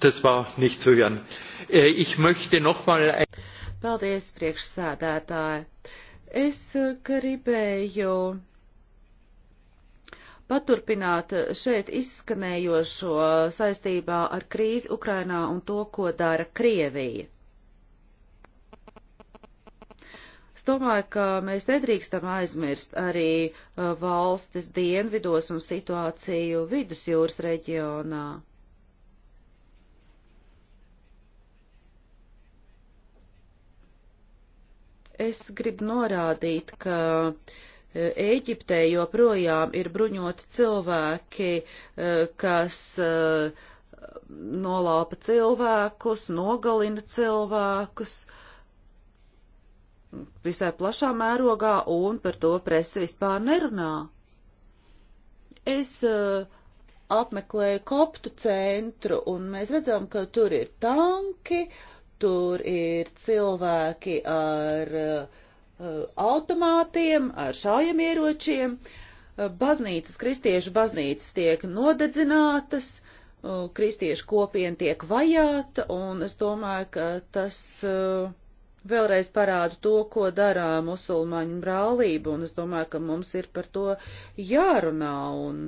Tas äh, war nicht zu hören. Äh, ich möchte noch mal. Paldies, priekšsēdētāji. Es äh, gribēju paturpināt šeit izskanējošo saistībā ar krīzi Ukrainā un to, ko dara Krievija. Es domāju, ka mēs nedrīkstam aizmirst arī uh, valstis dienvidos un situāciju vidusjūras reģionā. Es gribu norādīt, ka uh, Ēģiptē joprojām ir bruņoti cilvēki, uh, kas uh, nolāpa cilvēkus, nogalina cilvēkus. Uh, visai plašā mērogā un par to presa vispār nerunā. Es uh, apmeklēju koptu centru un mēs redzam, ka tur ir tanki, tur ir cilvēki ar uh, automātiem, ar šaujamieročiem, uh, baznīcas, kristiešu baznīcas tiek nodedzinātas, kristiešu kopiena tiek vajāta un es domāju, ka tas. Uh, vēlreiz parāda to, ko darā musulmaņu brālība, un es domāju, ka mums ir par to jārunā. Un...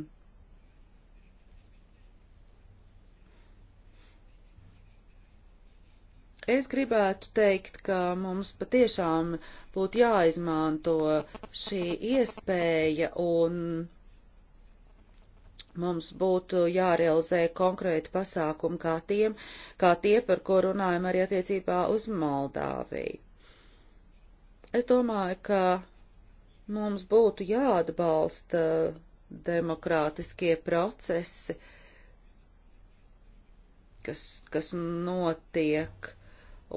Es gribētu teikt, ka mums patiešām būtu jāizmanto šī iespēja un Mums būtu jārealizē konkrēti pasākumi kā, tiem, kā tie, par ko runājam arī attiecībā uz Moldāviju. Es domāju, ka mums būtu jāatbalsta demokrātiskie procesi, kas, kas notiek,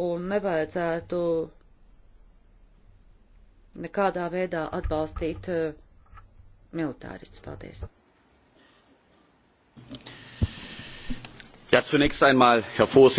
un nevajadzētu nekādā veidā atbalstīt eh, militāristus. Paldies! Ja, zunächst einmal, Herr Vorsitzender,